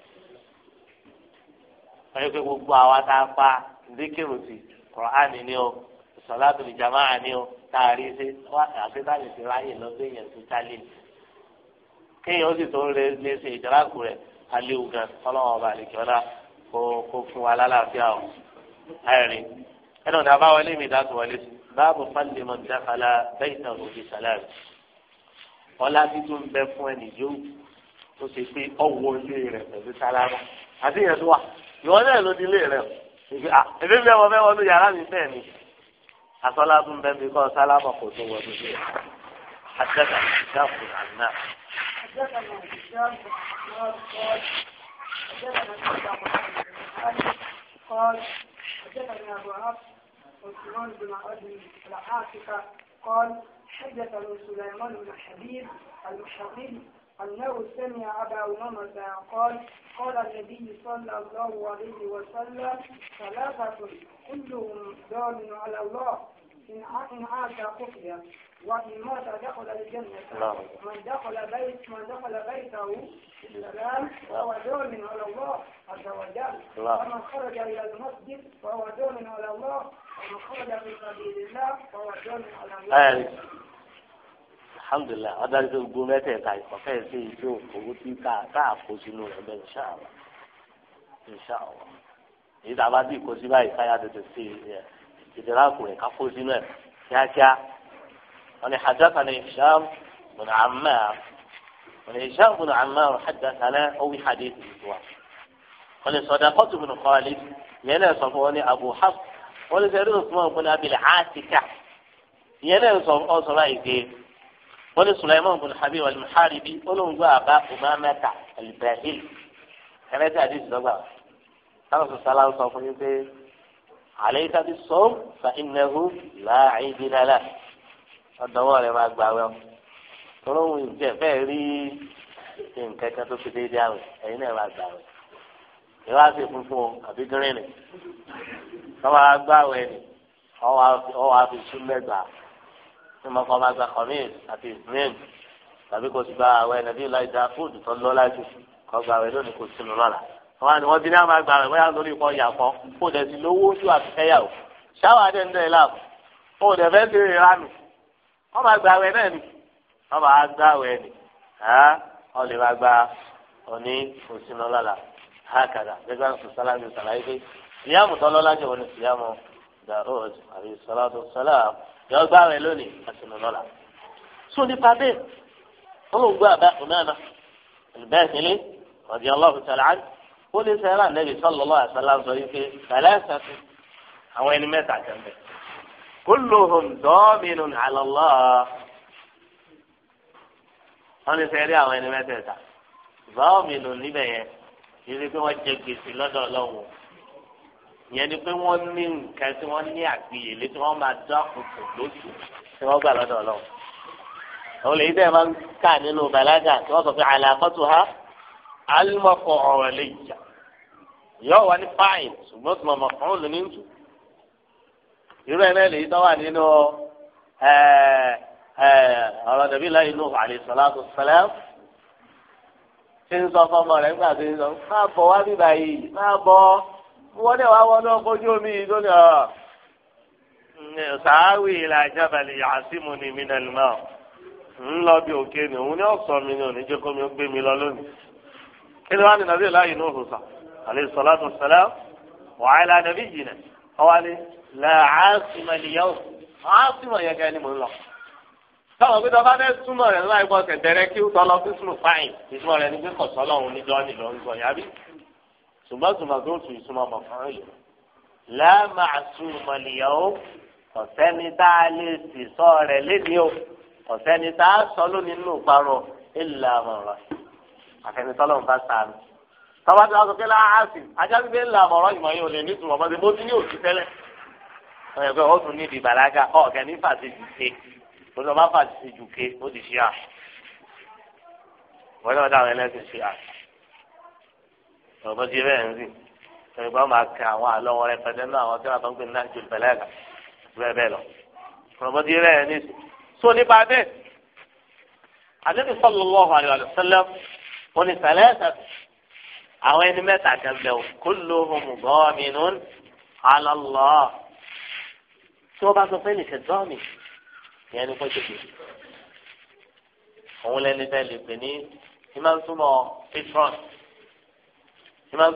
wáyé pé gbogbo àwa tá a pa zikiru sí Kùránì ni o sọláàtù ìjàmáà ni o tá a rí ṣe wá àfẹ́tàlì ti ráyè lọ bí èèyàn ti tálẹ̀ kéèyàn ó sì tó lè lè ṣe ìjọ́láàkú rẹ̀ aléwu gan ọlọ́wọ́n ọba àlekíọ́lá kó kó fún wa lálàáfíà o àìrí ẹnu ọ̀dà àbáwọlé mi dá tó wọlé sí báàbò fáńdé mọ̀ dákàlà bẹ́ẹ̀ náà ló sàlẹ̀ ọlá títún bẹ fún ẹnì yóò tó ṣe pé ọwọ́ ilé rẹ̀ pẹ̀lú sálámà àti ìyẹn tó wà ìwọ náà ló di ilé rẹ ẹbí mi ọmọ mẹwọn ló yàrá mi bẹ́ẹ̀ ni asọlá tún bẹ mi kọ sálámà kò tó wọnú ilé rẹ àtẹkà ìdáàbò àná. قال حدثنا ابو عبد وسلمان بن عبد العاصفه قال حدثني سليمان بن حبيب المحرري أنه سمع أبا أمامة قال قال النبي صلى الله عليه وسلم ثلاثة كلهم ضال على الله إن عاش قتل وإن مات دخل الجنة من دخل بيت من دخل بيته بالسلام فهو ظالم على الله عز وجل ومن خرج إلى المسجد فهو ظالم على الله ومن خرج في سبيل الله فهو ظالم على الله alhamdulilayi ọ̀dájú tó gbó mẹ́tẹ̀ẹ̀ta ìkọ̀fẹ́ sí ìjọ òkòwò tí káà kó sínú rẹ̀ bẹ́ẹ̀ inṣàlá inṣàlá èyí tá a bá bí ìkọsí báyìí káyà tètè sí ìdíráàkù rẹ̀ ká kó sínú ẹ̀ kíákíá wọn ni hajjata ni hisham bin ammar wọn ni hisham bin ammar hajjata náà ó wí hadith ìtura wọn ni sadaqatu bin khalid yẹn náà sọ fún wọn ni abu hafs wọn ni sẹ́yìn usman bin abil atika yẹn náà sọ fún ọ wọ́n ní Sulaiman bin Habib al-Muharibi olóńgbò àbá umamata al-bahil ẹ̀rẹ́tì àdìsí dọ́gba káwọn sọ sálá sọ fún yín pé àlẹ́yìíká ti sọ ọ́ fa innahu láàyè dídára ọ̀dọ́wọ́ rẹ̀ máa gbà wẹ́ọ́ tọ́lọ́hún ìjẹ́ fẹ́ẹ́ rí nǹkan kan tó fi déédéé àwẹ̀ ẹ̀yin náà máa gbà wẹ́ ìwà ṣe funfun o àbí gírín ni tọ́wọ́ agbáwẹ̀ ni ọwọ́ àfi sún mẹ́gbàá ní mo kọ́ máa gba kọ́míìn àti ìsmíìn tàbí kò sì gba àwẹ̀ nàbí láì dá fúdù tó lọ láti kọ́ gba àwẹ̀ lónìí kò sínú lọ́la. wọn ni wọn ti ní àwọn àgbà rẹ bóyá lórí ikọ̀ ìyà kan kó dẹ̀ sí lówó oṣù àti kẹ́yàwó ṣáwá dẹ̀ ń dẹ̀ láàbù kó dẹ̀ fẹ́ ti rìn ránù wọn máa gba àwẹ̀ náà ni wọn máa gba àwẹ̀ ni wọn lè máa gba òní kò sínú lọ́la hákàdà gbẹgbẹ́ sọ̀sálàmù sàlàyé pé ìyá àmùtọ́ lọ́lá jẹ́ òní ìyá àmọ̀ yọ gbá rẹ lónìí àtúnú lọ́la. sún nípa bẹ́ẹ̀ wọ́n ló ń gbọ́ àbá ọ̀nàmà ìbẹ́ẹ̀kìnlé ọ̀dì ọlọ́run tẹ̀lé án ó lè sẹ́yìn rà nẹ́bí sọ́lọ́lọ́ àṣálá sọ wípé tẹ̀lé ẹ̀sán sí àwọn ẹni mẹ́ta kan bẹ̀. kulluhum dọ́ọ̀mìnun ala Allah wọ́n lè sẹ́yìn rí àwọn ẹni mẹ́tẹ̀ẹ̀ta dọ́ọ̀mìnun níbẹ̀ yẹn ìrírí pé wọ́n jẹ gbèsè lọ́dọ̀ ọlọ́run ìyẹn ni pé wọ́n ní nǹkan tí wọ́n ní àgbìyèlé tí wọ́n máa dá òkò lóṣù tí wọ́n gbà lọ́dọ̀ ọlọ́run àwọn lèyí tẹ́ máa ń kà nínú bàlágà tí wọ́n sọ pé àlàkọ́tù ha alimọ̀kọ̀ ọ̀rọ̀ lè jà yọ wà ní fáìn ṣùgbọ́n tí mo mọ̀ fún òun ní tù irú ẹ̀ náà lèyí tó wà nínú ọ̀rọ̀ dàbí láyé inú àlè sọ̀láàtù sẹ́lẹ̀m ṣé ń sọ fọmọ rẹ̀ nígbà tí ń sọ máa bọ̀ wá wọ́n dẹ̀ wá wọ́n náà kọjú omi yìí tó ní ọ̀ ah, mm, sàáwì ìlà àjábàlẹ̀ yàtìmù ni mí nà nìmọ̀ ńlọ bí òkè ni òun ní ọ̀sán mi ni òní jẹ́ kó mi ó gbé mi lọ lónìí. kí ni wàá ní nàbí láàyè ní òrùsà alayhi salatu wassalam wa ala nabiyyina ọwọ́ ni làásìmọ̀lìyàwó àásìmọ̀ yẹn gẹ́gẹ́ ni mò ń lọ. táwọn gbé dọ́gba dẹ́ túmọ̀ rẹ̀ láì bọ́ tẹ̀tẹ̀rẹ́ kí ó tọ́ lọ fífún ṣùgbọ́n ṣùgbọ́n tó tù ìṣúná mọ̀ fún yìí lẹ́ẹ̀mà sùn mọ̀lìyàwó ọ̀sẹ́ni tá a lè sì sọ rẹ̀ lédìí o ọ̀sẹ́ni tá a sọ lónìí nínú ìparọ̀ ìlà àmọ̀ràn àfẹnitọ́lọ́ bá sàánù. tọ́wọ́ tí wọ́n sọ pé láàásì ajáde pé ńlá àmọ̀ràn ìmọ̀ yìí ò lè nítumọ̀ mọ́tò mo ti ní òsì tẹ́lẹ̀. ọ̀yọ̀ pé ó tún ní ìdì ìbàlágà ọ̀kẹ́ ní fàṣejù ó sọ bá fàṣejù ó ti ṣe à. wọ́n náà dáhùn ẹlẹ́sìn ṣe à ọ̀bọ̀ sí bẹ́ẹ̀ ń sìn ẹ̀rọ bá máa kẹ àwọn àlọ́wọ́ rẹ pẹ̀lú náà àwọn tí wọ́n tó ń pè ní náà jù pẹ̀lẹ́ ẹ̀ka bẹ́ẹ̀ bẹ́ẹ̀ lọ ọ̀bọ̀ sí bẹ́ẹ̀ ní sùn. so nípa bẹ́ẹ̀ àdébí sallallahu alaihi wa sallam wọn ni sàlẹ́sà àwọn ẹni mẹ́ta kan bẹ̀ kulluhum dhaminun ala Allah tí wọ́n bá sọ pé lè pè ní máa ń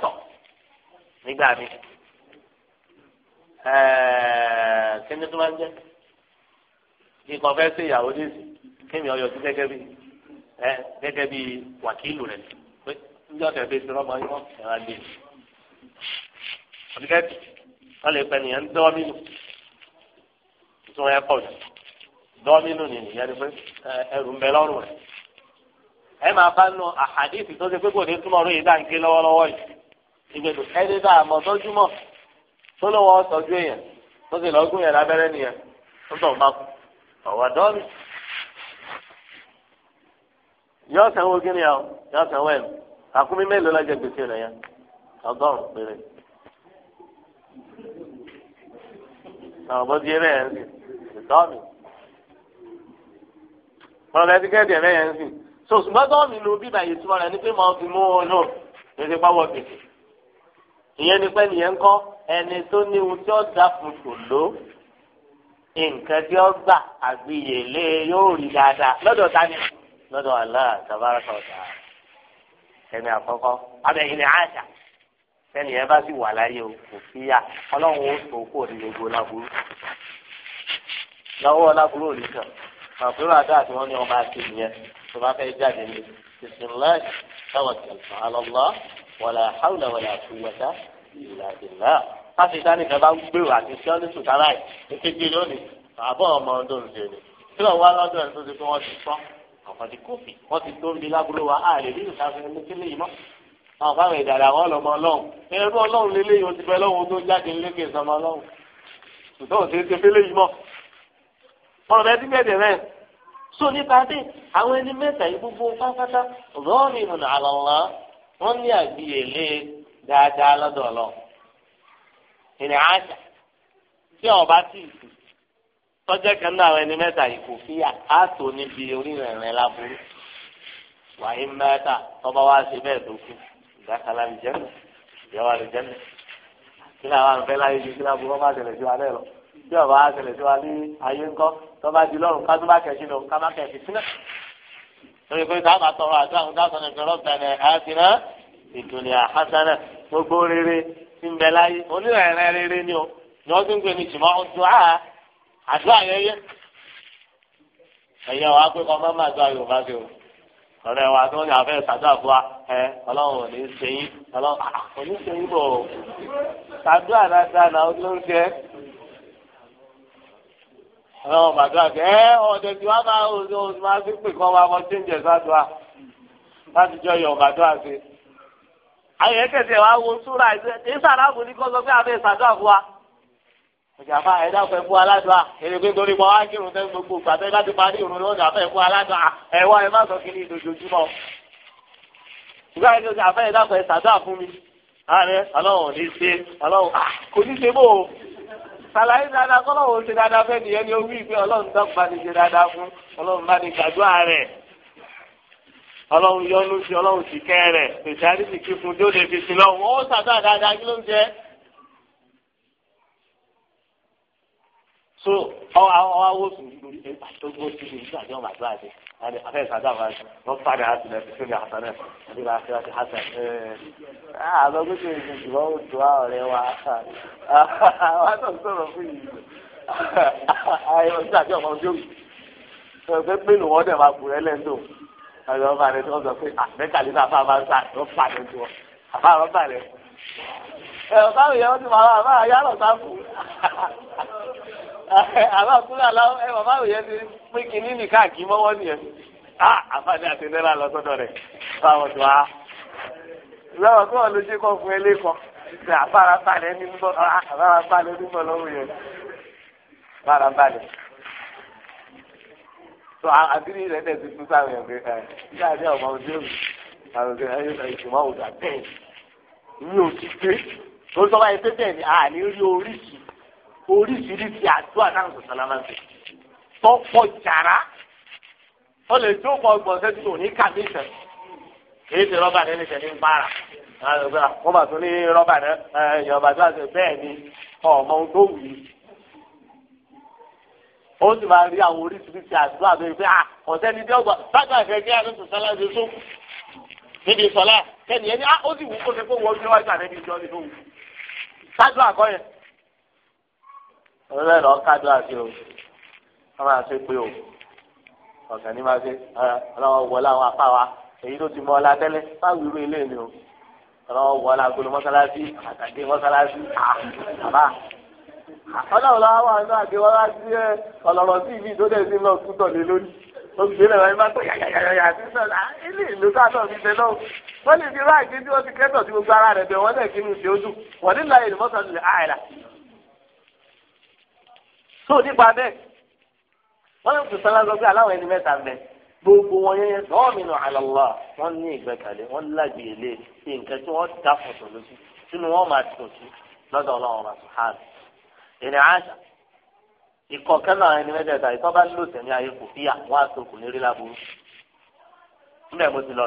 túmọ̀ nígbà mi kí ni tó máa ń jẹ́ ikọ̀ fẹ́ sí ìyàwó nísì kémi ọyọ sí gẹ́gẹ́ bí gẹ́gẹ́ bí wàkílù rẹ̀ pé níjọ́ tẹ̀ bẹ́ẹ̀ sọ́mọ yín wọ́n ẹ̀rọ adé ọ̀dùkẹ́tì wọ́n lè pẹ́ nìyẹn ń dọ́ mínú tí wọ́n yẹ pọ̀ jù dọ́ mínú nìyẹn ni pé ẹrù ń bẹ lọ́rùn rẹ̀ ẹ máa bá nù àhàdìsì tó ṣe pé kò ní túmọ̀ lóye dá nké lọ́wọ́lọ́wọ́ yìí ìgbèdò ẹni bá àmọ́ tọ́júmọ̀ tó lọ́wọ́ tọ́jú èèyàn tó sì lọ́gùn yẹn lábẹ́rẹ́ nìyẹn tó tọ̀ máa kú ọ̀wọ́ dọ́ọ̀lù. yọ sanwó kíni ọ yọ sanwó ẹ àkúmí mélòó lọ́jọ́ gbèsè rẹ̀ yẹn ọgọ́rùn-ún péré. ọ̀bọ̀n ti eré so ṣùgbọ́n tó mi lu bíbá yìí túmọ̀ rẹ̀ ni pé màá fi mú un nù lórí pàwọ́ gbèsè ìyẹn ni pé nìyẹn ń kọ́ ẹni tó ní ohun tí ó dà fún ṣòló nǹkan tí ó gbà àgbìyèlé yóò rí dáadáa lọ́dọ̀ ta ni lọ́dọ̀ Allah tabaraka wa ta'ala ẹni àkọ́kọ́ abẹ́yìn ni àṣà sẹ́ni ẹ bá sì wà láyé o kò fíyà ọlọ́run ó tó kó ní gbogbo láburú lọ́wọ́ láburú òní kan àpérò àdáàtì wọn ni wọn máa tó bá fẹ́ jáde lé bisimilahi tawakkal ala Allah wala hawla wala quwwata illa billah káfí dání kan bá gbèrò àti sọ́ọ́lì sùtárà yìí kékeré lónìí àbọ̀ ọmọ ọdún ṣe ni kí lọ́ọ̀ wá lọ́dọ̀ ẹ̀ tó ti pé wọ́n ti sọ́ ọ̀kan ti kófì wọ́n ti tó ń bi lábúrò wa á lè nínú káfí ẹni kí léyìí mọ́ àwọn fáwọn ìdàrà àwọn ọlọmọ ọlọ́run ẹrú ọlọ́run lélẹ́yìí o ti bẹ lọ́wọ́ tó jáde lékè sọmọ ọlọ́run ṣùgbọ́n òṣèṣe fẹ́lẹ́yìí mọ́ ọ̀rọ̀ bẹ́ẹ̀ so nípa dé àwọn ẹni mẹ́ta yìí gbogbo pátápátá rọọrì mu nàlọ wọn wọn ní àgbìyèlé dáadáa lọ́dọ̀ lọ ìrìn àjà tí ọba tí ì sùn tọjá kan náà àwọn ẹni mẹ́ta yìí kò fi àtò níbi orírẹ̀rẹ̀ láburú wàyí mẹ́ta tọba wa ṣe bẹ́ẹ̀ tó kú ìdákalá ní jẹnẹ ìyàwó àti jẹnẹ kí ni àwọn àǹfẹ́ láyé ju kí ni àbúrò bá tẹ̀lé sí wa náà lọ ọba á tẹ̀lé sí wa ní ayé ńkọ́ tọ́ba di lọ́rùn ká tó bá kẹ̀ sínú ká má kẹ̀ sí sílẹ̀. lórí pé tá a máa tọrọ àti àwọn dáhùn ẹgbẹ́ rọ́bà ẹ̀ àtìná ìdùnnìyà hasana gbogbo rere ti ń bẹ láyé onírẹ̀rẹ̀ rere ni o ni wọ́n ti ń pè ní jùmọ̀ ọdún àá àdúrà yẹyẹ. ẹ̀yẹ wa pé ọmọ máa dún ayò bá fi o ọ̀rẹ́ wa tó ní afẹ́ sàdúrà fún wa ẹ ọlọ́run ò ní í ṣe yín ọlọ́run ah, ò ní í ṣe yín bò ó sàdúrà dáadáa náà ló ń jẹ́ ọlọ́run bàdúrà kẹ́ ẹ ọ̀dẹ̀ tí wàá máa oṣù máa fi pè kọ́ wa mọ ṣéǹjẹ̀ sádùá láti jọ yọ̀ bàdúrà sí. ayẹyẹ kẹsẹ̀ wa wo súra ẹ̀ sàràbù ní kọ́sọ́ pé àbẹ̀ sàdúà fún wa. ìjàmbá ẹ̀dá fẹ́ fún aládùá èrè pé torí wọn á kírun tẹ́ gbogbo gbàtẹ́ láti parí ìrun lọ́dọ̀ àfẹ́ fún aládùá ẹ̀ wá ẹ má sọ kiri ìdòjòjúmọ́. ìgbà yẹn sàlàyé dáadáa kọ́lọ́wọ́ ṣe dáadáa fẹ́ nìyẹn ni ó wí pé ọlọ́run dọ́gba ni ṣe dáadáa fún ọlọ́run bá ní gbàdúrà rẹ̀ ọlọ́run yọ́nú sí ọlọ́run sì kẹ́ rẹ̀ pèsè àríṣìkí fún tí fi sí lọ́wọ́ ó sàdúrà dáadáa kí ló ń jẹ́. so ọwọ́ àwọn awọ́sùn lórí ẹgbàá tó gbọ́ sí mi nígbà tí wọ́n يعني أخير هذا نطعني عسل في الدنيا حسنة في الآخرة حسنة آه هذا قلت جبوا الدعاء ولا وعسل هذا صار فيه أيوة ساعة يوم موجود فبين بين وده ما بقول لهم دو هذا ما نتوقع هذا في أحمد كلي نافع ما ساعة نطعني دو هذا ما بعرف ẹ ọ̀sán ìyẹn wọ́n ti máa wá àbá àyà lọ sáfù àbá kúlẹ̀ aláwọ̀ ẹ bàbá òye ti pín kínní ní káàkiri mọ́wọ́ nìyẹn Ah, àfàdé àti náírà lọ sọ́dọ̀ rẹ̀ báwọn tó a lọ́wọ́ kí wọ́n ló ṣe kọ́ fún ẹlẹ́kọ̀ọ́ ṣe àfarabalẹ̀ ní bọ́ àfarabalẹ̀ ní bọ́ lọ́wọ́ yẹn àfarabalẹ̀ tó àbírí rẹ̀ dẹ̀ ti tún sáwọn yẹn pé ẹ̀ ní àdé ọmọ ọdún yóò àwọn ọdún yóò sọ ìṣùmọ̀ ọdún àtẹ̀yìn ní òkìkí tó sọ ni àní oríṣiríṣi àdúrà náà kò sọlá máa tọpọ jàrá ó lè tó pọ gbọ̀nsẹ̀ tó ní kàmí sẹ èyí ti rọ́bà ní níṣẹ́ ní gbára wọ́n bá tún ní rọ́bà náà yọ̀ọ̀bà tó àṣẹ bẹ́ẹ̀ ni ọmọ tó wù í ó sì máa rí àwọn oríṣiríṣi àdúrà bẹ́ẹ̀ pé ah, ọ̀sẹ̀ ni dẹ́gbà bàtà ìfẹ́kẹ́ àtúntò sọlá ṣe tó níbi sọlá kẹ́ni ẹni ah, ó sì wù kó ṣe kó wọ́n gbé wájú àdébíjọ́ nínú sáájú àkọ́yẹ ọ̀rọ̀ ẹ̀ lọ́ọ́ kájọ́ àti o wọ́n máa pé o ọ̀sẹ̀ ní máa ṣe ọlọ́wọ́ wọlé àwọn apá wa èyí tó ti mọ ọlá tẹ́lẹ̀ báwo irú ilé mi o ọlọ́wọ́ wọlé agolo mọ́sálásí àtàgé mọ́sálásí àbá ọlọ́wọ́ lọ́wọ́ àwọn àti àgé mọ́sálásí ẹ ọlọ́rọ̀ sí ibi tó dẹ̀ sí lọ kútọ̀ lé lórí olùgbélé wa máa tó yàyàyàyà sí sọ̀rọ̀ ilé ìlú káàtọ̀ mi tẹ lọ́wọ́ wọ́n lè fi ráàyè tí wọ́n ti kẹ́tọ̀ tí gbogbo ara rẹ̀ bẹ̀ wọ́n dẹ̀ kí tó nípa bẹ́ẹ̀ wọ́n lè tún sọ́lá gbọ́gbé aláwọ̀ ẹni mẹ́ta bẹ gbogbo wọn yẹn sọ́ọ̀mìnà àlọ́lá wọ́n ní ìgbẹ́kẹ̀lé wọ́n lágbèlè ṣe nǹkan tí wọ́n dá fọ̀tọ̀ lójú sínú wọn máa tún sí lọ́dọ̀ ọlọ́run rà sùhàn ìrìn àṣà ikọ̀ kẹ́nà ẹni mẹ́tẹ̀ẹ̀ta ìtọ́ bá lò tẹ̀mí ayé kò fíyà wọ́n á tó kò ní rí láburú níbẹ̀ mo ti lọ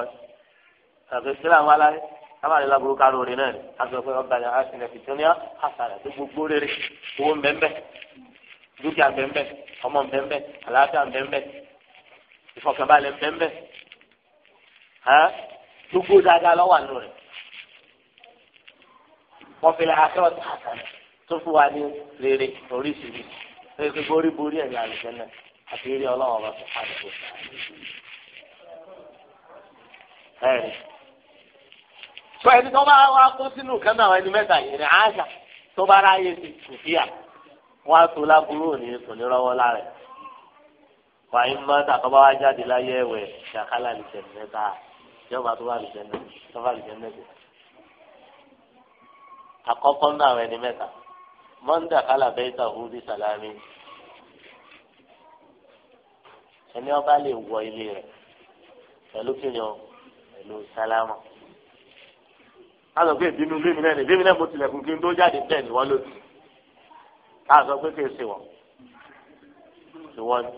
tàbí sílẹ̀ àwọn aláyé káwọn àlè láburú ká lóore náà ni a sọ pé ọgbà yàrá dúkìá bẹ́ẹ̀nbẹ́ ọmọ bẹ́ẹ̀nbẹ́ àlàáfíà bẹ́ẹ̀nbẹ́ ìfọkànbalẹ̀ bẹ́ẹ̀nbẹ́ gbogbo dáadáa lọ́wọ́ àánú rẹ̀ wọ́n fi àṣọ àtàkùn tó fún wa ní rere oríṣiríṣi ẹgbẹ́ borí borí ẹ̀yà àlùfẹ́ náà àti eré ọlọ́wọ́ ọba tó fà lọ́wọ́ ẹ̀rí. sọ ẹni tó bá wá kó sínú kan náà ẹni mẹ́ta yìí ni àṣà tó bá ráyè sí kùfíà wọn á tó lábúrò ní sòní rọwọ lára wàyí má tàkọ́bá wá jáde láyé ẹ̀wẹ̀ ṣàkálà lè tẹ̀lé mẹ́ta yọba tó bá lè tẹ̀lé tó bá lè tẹ̀lé mẹ́ta. àkọ́kọ́ náà rẹ̀ ní mẹ́ta mọ́ndà kálà bẹ́ẹ̀ta húdí sàlámì ẹni ọba lè wọ ilé rẹ̀ pẹ̀lú kínyàn pẹ̀lú sálámà. a sọ pé ìbínú bímí náà mo tilẹ̀kùn kí n tó jáde bẹ́ẹ̀ ni wọ́n lò sí káà sọ pé kì í ṣe wọ́n ṣe wọ́n ni.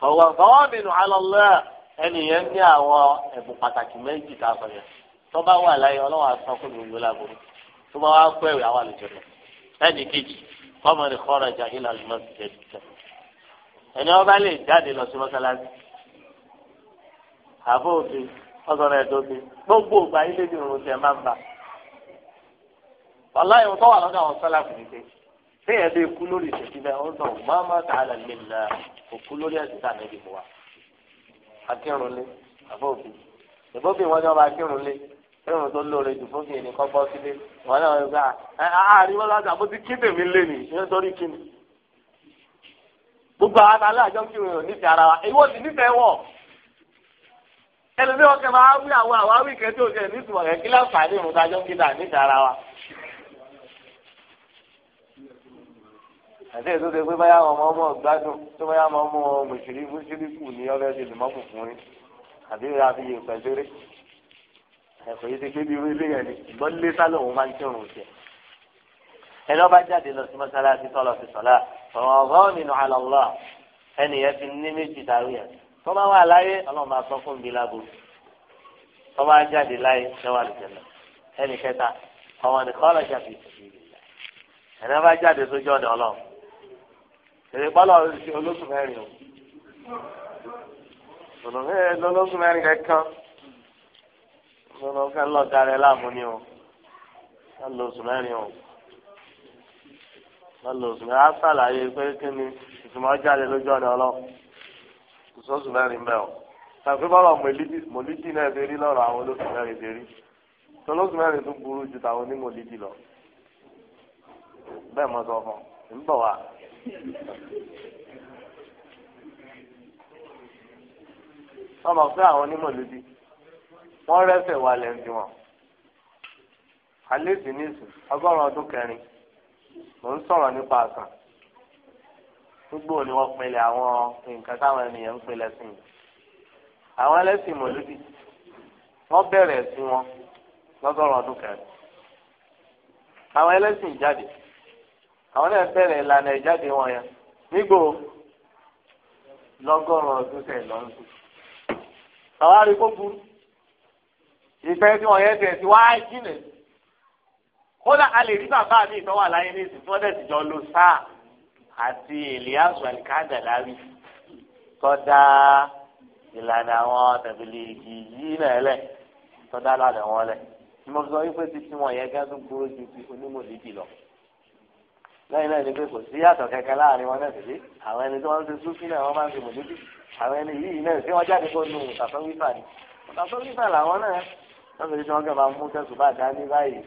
fọwọ́ fọwọ́ mi nù alọ́lẹ́ ẹnìyẹn ní àwọn ẹ̀bùn pàtàkì méjì tá a sọ yẹn tó bá wà láyé ọlọ́wọ́ àti ọkùnrin gbogbo lágbóró tó bá wà pẹ́ ìwé àwọn àlejò náà ẹnì kejì fọmọ ní kọ́ra ìjà ilà ìmọ̀ ìjẹ́ ẹni ọba lè jáde lọ sí mọ́sálásí àbó òde ọ̀sán ẹ̀dọ́gbé gbogbo ògbà ilé ní òun máa ń bà. ọ̀la ìwọ̀n tó wà lọ́dọ̀ àwọn sọ́lá kìí téèyàn lè kú lórí ìṣèṣin náà ó dàn má má tà á là lè nà òkú lórí ẹ̀sìn tà níbi wa. akírun lé àbọ̀ òbí ìbò bí wọ́n jọ bá akírun lé irun tó lóore jù fún kìíní kọ́ bọ́ sílé wọn náà wọ́n gbà àárín wọn láti àbótí kíndìn mi lé nìyí nítorí kíni. gbogbo àwọn àtàlẹ́ àjọ kírun yóò nífẹ̀ẹ́ ara wa ìwọ sì nífẹ̀ẹ́ wọ̀ ẹlòmíràn kẹ máa wí àwọn àwáwí kẹtí òkè nítorí kílá fàánì àti èso ṣe pé báyà ọmọ ọmọ gbádùn tó báyà ọmọ ọmọ mùsùlùmí mùsùlùmí ní ọbẹ̀ ṣe lè mọ́kù fún rí àbí rẹ àfi yẹ pẹ̀lú rí ẹ̀kọ́ yìí ti pé bí irú ilé yẹn ni ìgbọ́n lé sálọ̀ òun máa ń kírun tiẹ̀ ẹni ọba jáde lọ sí mọ́sálásí tọ́lọ̀ sí sọ́lá ọ̀rọ̀ ọ̀gọ́n nínú àlọ́lá ẹni yẹn èdè pálọ̀ ṣe olóṣù mẹ́rin o lọ́nà olóṣù mẹ́rin kankan lọ́nà fẹ́ lọ darẹ̀ láàmú ni o lọ́nà oṣù mẹ́rin o lọ́nà oṣù mẹ́rin á sàlàyé pé kí ni ìtumọ̀ jáde lójú ọ̀dọ̀ ọlọ́ oṣooṣù mẹ́rin bẹ́ẹ̀ o tàbí bọ́lọ̀ mọ̀lídì náà ṣe rí lọ́rọ̀ àwọn olóṣù mẹ́rin ṣe rí olóṣù mẹ́rin tó burú ju tàwọn onímọ̀lídì lọ bẹ́ẹ̀ mọ́ wọ́n mọ̀ pé àwọn onímọ̀lódì wọ́n rẹ́sẹ̀ wà lẹ́ǹdì wọn. àlèsì nísì ọgọ́rùn-ún ọdún kẹrin mò ń sọ̀rọ̀ nípa àṣà gbogbo ni wọ́n pinlẹ̀ àwọn nǹkan táwọn ènìyàn ń pinlẹ̀ sí i. àwọn ẹlẹ́sìn mọ̀lódì wọ́n bẹ̀rẹ̀ sí wọn lọ́gọ́rùn-ún ọdún kẹrin. àwọn ẹlẹ́sìn jáde àwọn náà bẹ̀rẹ̀ ìlànà ìjáde wọn yẹn nígbò lọ́gọ́rùn-ún ọdún sẹ́yìn lọ́n kù. àwọn arìkó burú ìfẹ́ tí wọ́n yẹn tẹ̀ sí wáá jìnnà kódà a lè rí bàbá mi ìtọ́wà láyé ní ìsìn tí wọ́n tẹ̀sí jọ lo sáà àti elias alikada lárí tọ́da ìlànà àwọn tẹ̀bílì yìí náà lẹ̀ tọ́da lálẹ́ wọn lẹ̀. mo sọ wípé títí wọn yẹn gẹ́gẹ́ tó burú ju ti onímọ̀ lẹ́yìn náà ni pé kò sí yàtọ̀ kẹ̀kẹ́ láàrin wọn náà sí àwọn ẹni tí wọ́n ti sún sílẹ̀ wọ́n máa ń ti mùdúdú àwọn ẹni yìí náà tí wọ́n jáde kó nu tàfẹ́ wípà ni tàfẹ́ wípà làwọn náà wọ́n fi wọ́n kẹ́ máa mú tẹ̀sùn bá dání báyìí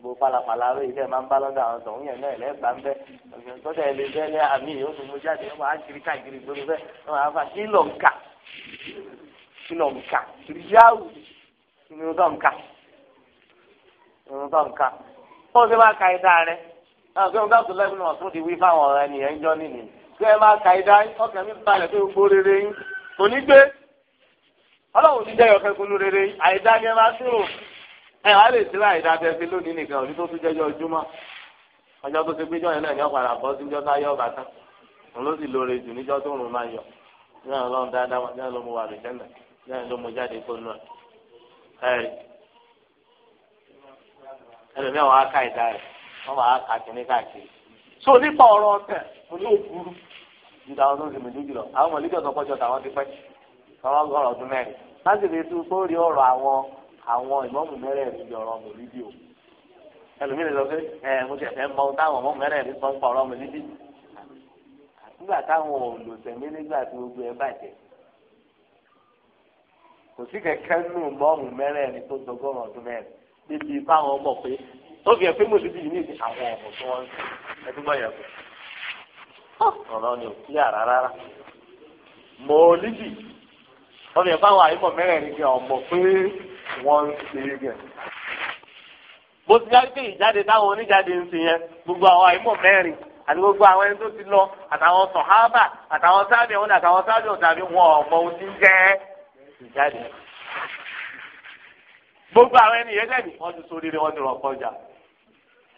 gbogbo palapala rẹ̀ ilé máa ń bá lọ́dọ̀ àwọn tọ̀hún yẹn náà lẹ́gbàá ń bẹ́ tọ́jà ilé bẹ́ẹ̀ lẹ́ àmì yóò tún mú jáde wọ́n máa ń kiri káàkiri gbogbo bẹ́ẹ̀ wọ́n máa ń fa kílọ̀ nǹka kílọ̀ nǹka kiri yáwù kiri nǹka nǹka ó ti máa ka ẹ̀dá rẹ̀ àgbẹ̀ ọ̀gá tó lẹ́gbẹ̀ẹ́ náà tún ti wí fáwọn ọ̀rẹ́ nìyẹn ń jọ nínú kí ẹ máa ka ìdá ọkàn mi balẹ̀ pé gbogbo rere yín kò ní gbé ọlọ́run ti jẹ́yọ̀ kẹ́kun rere yín àìdá ni ẹ máa sírò ẹ wá lè sílẹ̀ àìdá tẹ fi lónìí nìkan òní tó tún jẹ́jọ́ ojúmọ́ ọjọ́ tó ti gbéjọ́ yẹn náà ní ọ̀padà bọ́ sí ìjọ́ táyọ̀ bàtà òun ló sì lóore jù níjọ́ tó rùn máa yọ ní ọlọ́run dáadáa lè jẹ́ ká ìdá rẹ̀ wọ́n máa kà kíní káàkiri. so nípa ọ̀rọ̀ ọ̀tẹ̀ mo ní òkúrú nígbà wọn tó ń lójú lọ àwọn mọ̀lẹ́kẹ́ ọ̀tọ̀ kọ́jọ́ tàwọn ti pẹ́ tọ́wọ́ gbọ́rọ̀ ọdún mẹ́rin láti lè tún kó àwọn àwọn ìmọ̀mù mẹ́rẹ̀ẹ̀rin bí ọ̀rọ̀ mọ̀lẹ́bí o ẹlòmíì lè sọ pé ẹ mo ti ẹ̀fẹ́ mọ táwọn ọmọ mẹ́rẹ̀ẹ̀rin sọ ń pa ọ̀rọ̀ mọ̀lẹ́bí nígbà táwọn olùsẹ̀mí nígbà tí gbogbo ẹ bàjẹ́ kò sí kẹ̀kẹ́ nù mọ́mù mẹ́rẹ̀ẹ̀rin tó dọgọ́rùn ọdún mẹ́rin níbi báwọn mọ̀ pé tó fi hàn pé mùsùlùmí ní ìsìn àwọn ọmọ wọ́n ń ni ò àrà rárá mẹ́rẹ̀ẹ̀rin kí ọmọ pé wọ́n ń gbogbo àwọn mẹ́rin àti gbogbo àwọn ẹni tó ti lọ àtàwọn sọ̀hábà àtàwọn sábẹ̀ òun àtàwọn sábẹ̀ òun tàbí gbogbo àwọn ẹni yẹn wọ́n ti wọ́n ti rọ̀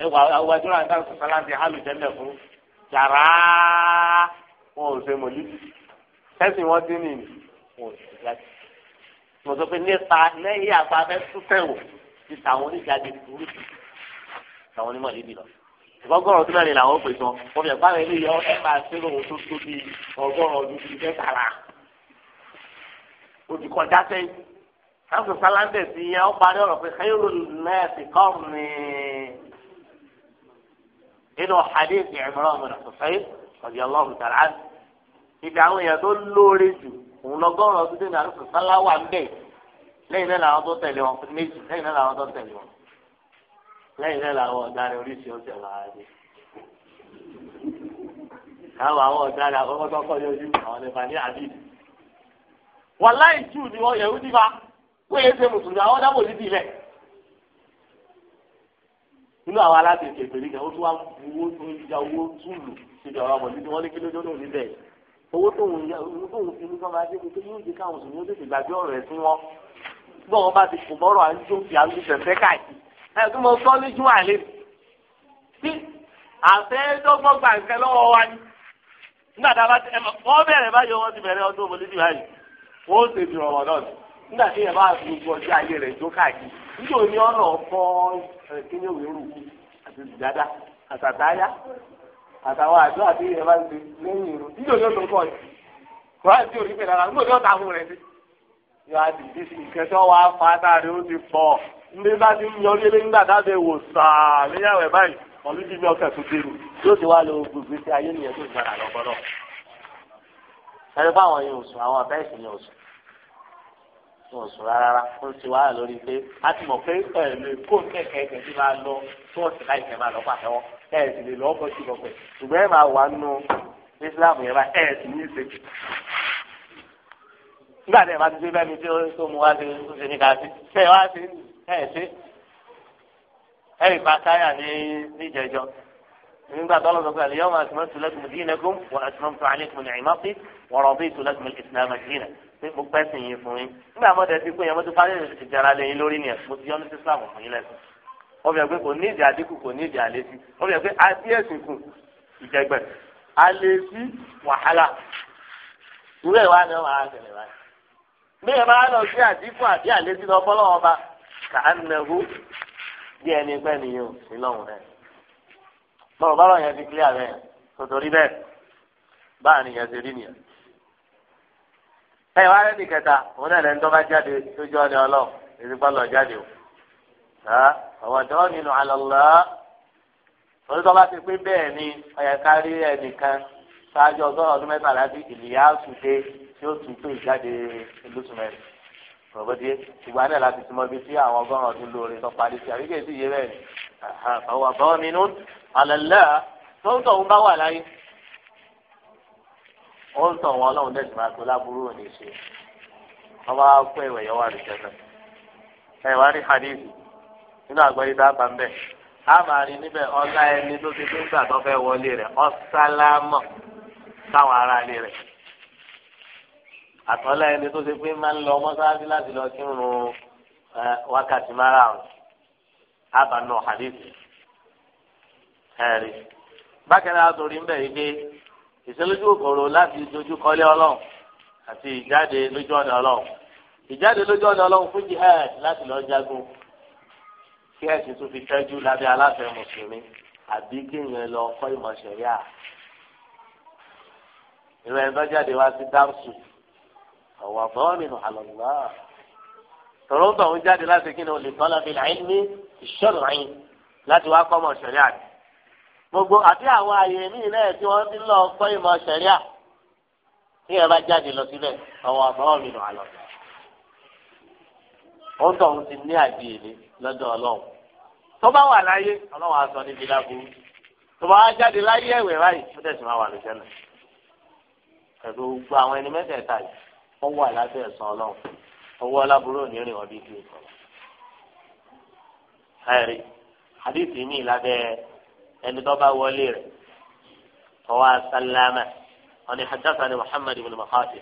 ẹwà àwùjọ àti àwọn sọsọlá ti hàlù jẹlẹ fún yàrá wọn ò ṣe mọlú tẹsí wọn dín nìyí wọn ò sì jáde mo sọ pé nípa lẹ́yìn àgbà fẹ súnfẹwò ti tàwọn oníjàde burú tàwọn onímọ̀ níbi lọ ìgbọ́gọ́rọ̀ ọdún mẹ́rin làwọn pè sọ wọn fẹ́ pàrọ̀ eléyìí ọ ẹ máa ṣe lóhun tó tó bíi ọgọ́rọ̀ ọdún bíi mẹ́tàlá olùkọjá sẹ́yìn káfíńsálá ń bẹ̀ sí yẹn ó parí ọ̀rọ̀ pé kẹ́yìn ló lẹ́ẹ̀sì kọ́ọ̀mù nìyẹn nínú hadith Imran bin Husayn radiyallahu ta'ala anhu ibi àwọn èèyàn tó lóore jù òun lọ́gọ́rùn ọdún tó ní àlùkò sálá wà ń bẹ̀ lẹ́yìn náà làwọn tó tẹ̀lé wọn méjì lẹ́yìn náà làwọn tó tẹ̀lé wọn lẹ́yìn náà làwọn ọ̀daràn oríṣi ọ̀sẹ̀ wà á dé káwọn àwọn ọ̀daràn àkọ́kọ́ tó kọ́ yọjú àwọn nípa ní àbíd inú àwọn aláṣẹ ìṣètò ìdíje ó tún wá owó tó ń ya owó túlù síbi ọ̀rọ̀ ọmọ nídìí wọ́n ní kílódé ló ní bẹ́ẹ̀ owó tó ń fi ní sọ́mọ adé kò yóò di káwọn sùn yóò tètè gbàgbé ọ̀rọ̀ ẹ̀ fún wọn bí wọn bá ti kò mọ́rọ̀ à ń jó fi àlù fẹ̀fẹ́ káàkiri ẹ̀ tó mọ sọ́ ní jù àlè tí àfẹ́dọ́gbọ́n gbà lọ́wọ́ wa ni nígbà tá a bá wọ́n bẹ̀rẹ̀ báyọ̀ wọ́n ti bẹ̀rẹ̀ ọdún ọmọdé níjọ ní ọ̀nà ọ̀fọ́ kíni òwe àti ìjàdá àtàtáyà àtàwọn àjọ àti ìyẹn bá ń ṣe lẹ́yìn ìrù níjọ ní ọ̀nà ọ̀fọ́ yìí kúrò tí orí pẹ̀lú ara níjọ ní ọ̀nà rẹ̀ sí. yọ àti ìdísí ìkẹtọ́ wa fa táàrí ó ti pọ̀ ndé bá ti ń yọrí lé nígbà táde wò sàá léyàwó ẹ̀ báyìí pọ̀lú jíjẹ ọkẹ́ tó dé lu yóò ti wá lo gbogbo ti ayé nìyẹn tó gbára lọ́gbọ́dọ̀. ẹni báwọn yóò sùn àwọn àbẹ́ẹ̀sì yóò sùn wọn sùn rárá ó ti wá lórí pé a ti mọ̀ pé pẹ̀lú kó kẹ̀kẹ́ kẹ̀kẹ́ máa lọ tó ọ̀sẹ̀ láì kẹ̀ máa lọ pàtẹ́wọ́ ẹ̀ sì lè lọ́ọ́ bọ́sí lọ́pẹ̀ ṣùgbọ́n ẹ̀ máa wà nù Islam yẹn bá ẹ̀ sì ní ìṣe. nígbà tí ẹ bá ti dé bẹ́ẹ̀ mi tí ó mú wá sí ó ṣe ní ká sí ṣe wá sí ẹ̀ sí ẹ̀ ìpa káyà ní níjẹjọ nígbà tó lọ́sọ̀ pé al-yawma akmaltu lakum dinakum wa atmamtu alaykum ni'mati wa raditu lakum pé mo pẹ́ sìn yín fún yín nígbà mọ́tẹ́ ti pé yẹn mo ti parí ìjara lé yín lórí nìyẹn mo ti yọ ní Islam fún yín lẹ́sìn wọ́n fi hàn pé kò ní ìdí àdínkù kò ní ìdí àlésí wọ́n fi hàn pé àti ẹ̀sìn kù ìjẹgbẹ́ àlésí wàhálà ìwé ìwà ni wọ́n máa tẹ̀lé wáyé bí ẹ máa lọ sí àdínkù àti àlésí lọ bọ́ lọ́wọ́ bá kà á nẹ̀hó bí ẹni pẹ́ nìyẹn ò lọ́hùn rẹ̀ bọ́ọ̀ bá lọ́yẹn ti kílíà rẹ̀ tòtòrí ẹ wá rẹ ní kẹta òun náà lẹni tó bá jáde lójú ọdẹ ọlọ́run èdè bá lọ jáde o ọwọ tó nínú àlọlọ òun tó bá ti pín bẹ́ẹ̀ ni ọyẹ kárí ẹnìkan ṣáájú ọgọ́rùn ọdún mẹ́tàlá bí ìlìyà sùdé tí ó tún pé ìjáde lùsùmẹrì rọbọdé ìgbà náà láti túmọ̀ bí sí àwọn ọgọ́rùn ọdún lóore tó parí sí àbíkẹ́ sí iye bẹ́ẹ̀ ni ọwọ tó nínú àlọlọ tó ń tọ̀ ó ń tàn wọn ọlọ́run dẹ́sì máa tó onye òní ṣe wọ́n bá kó ìwẹ̀ yọ wà lùjẹ́ náà ẹ̀ wá ní hadith nínú àgbáyé dábàá ń bẹ̀ á máa rí níbẹ̀ ọlá ẹni tó ti tó fẹ́ wọlé rẹ̀ ọ̀sálámọ̀ ará ilé rẹ̀ àtọ́lá ẹni tó ti pé máa ń lọ mọ́sáájú láti lọ wákàtí ìṣelójú òkòrò láti dojú kọlé ọlọ́run àti ìjáde lójú ọ̀nà ọlọ́run ìjáde lójú ọ̀nà ọlọ́run fún jihad láti lọ jagun kí ẹ̀sìn tún fi tẹ́jú lábẹ́ aláfẹ́ mùsùlùmí àbí kéèyàn lọ kọ́ ìmọ̀ ṣẹ̀ríà ìrọ̀ ẹ̀dọ́ jáde wá sí dámsù ọ̀wà bọ́ọ̀mìnù àlọ́lá tọ̀rọ̀ ń bọ̀ ń jáde láti kí ni olùkọ́ lábẹ́ ìlànà ìṣòro àyìn láti wá kọ́ ọmọ ṣẹ̀ríà ni. gbogbo àti àwọn àyè míì tí wọ́n ti lọ gbọ́ ìmọ̀ tí ẹ bá jáde lọ sílẹ̀ àwọn àbáwọ̀ mi nù àlọ́. ó ń tọ̀hún ti ní àdìyèlé lọ́dọ̀ ọlọ́run tó bá wà láyé ọlọ́run níbi tó láyé ẹ̀wẹ̀ báyìí ó tẹ̀sí máa wà pẹ̀lú gbogbo àwọn ẹni mẹ́tẹ̀ẹ̀ta yìí wà lábẹ́ ẹ̀sán ọlọ́run owó ẹni tó bá wọlé rẹ̀ ọwọ́ asálámà wọn ni hajjata ni muhammad ibn mahadi.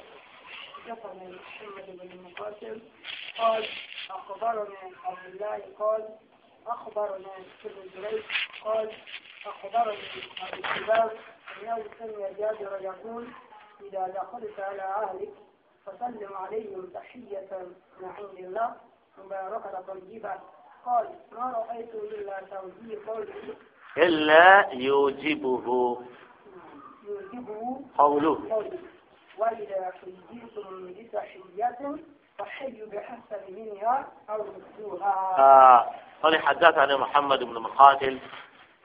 قال أخبرنا عبد الله قال أخبرنا ابن جريج قال أخبرني أبو الشباب أنه سمع جابر يقول إذا دخلت على أهلك فسلم عليهم تحية من عند الله مباركة طيبة قال ما رأيت إلا توجيه قوله إلا يوجبه قوله وإذا حييتم بتحية فحيوا بأحسن منها أو ردوها. قال حدثنا محمد بن مقاتل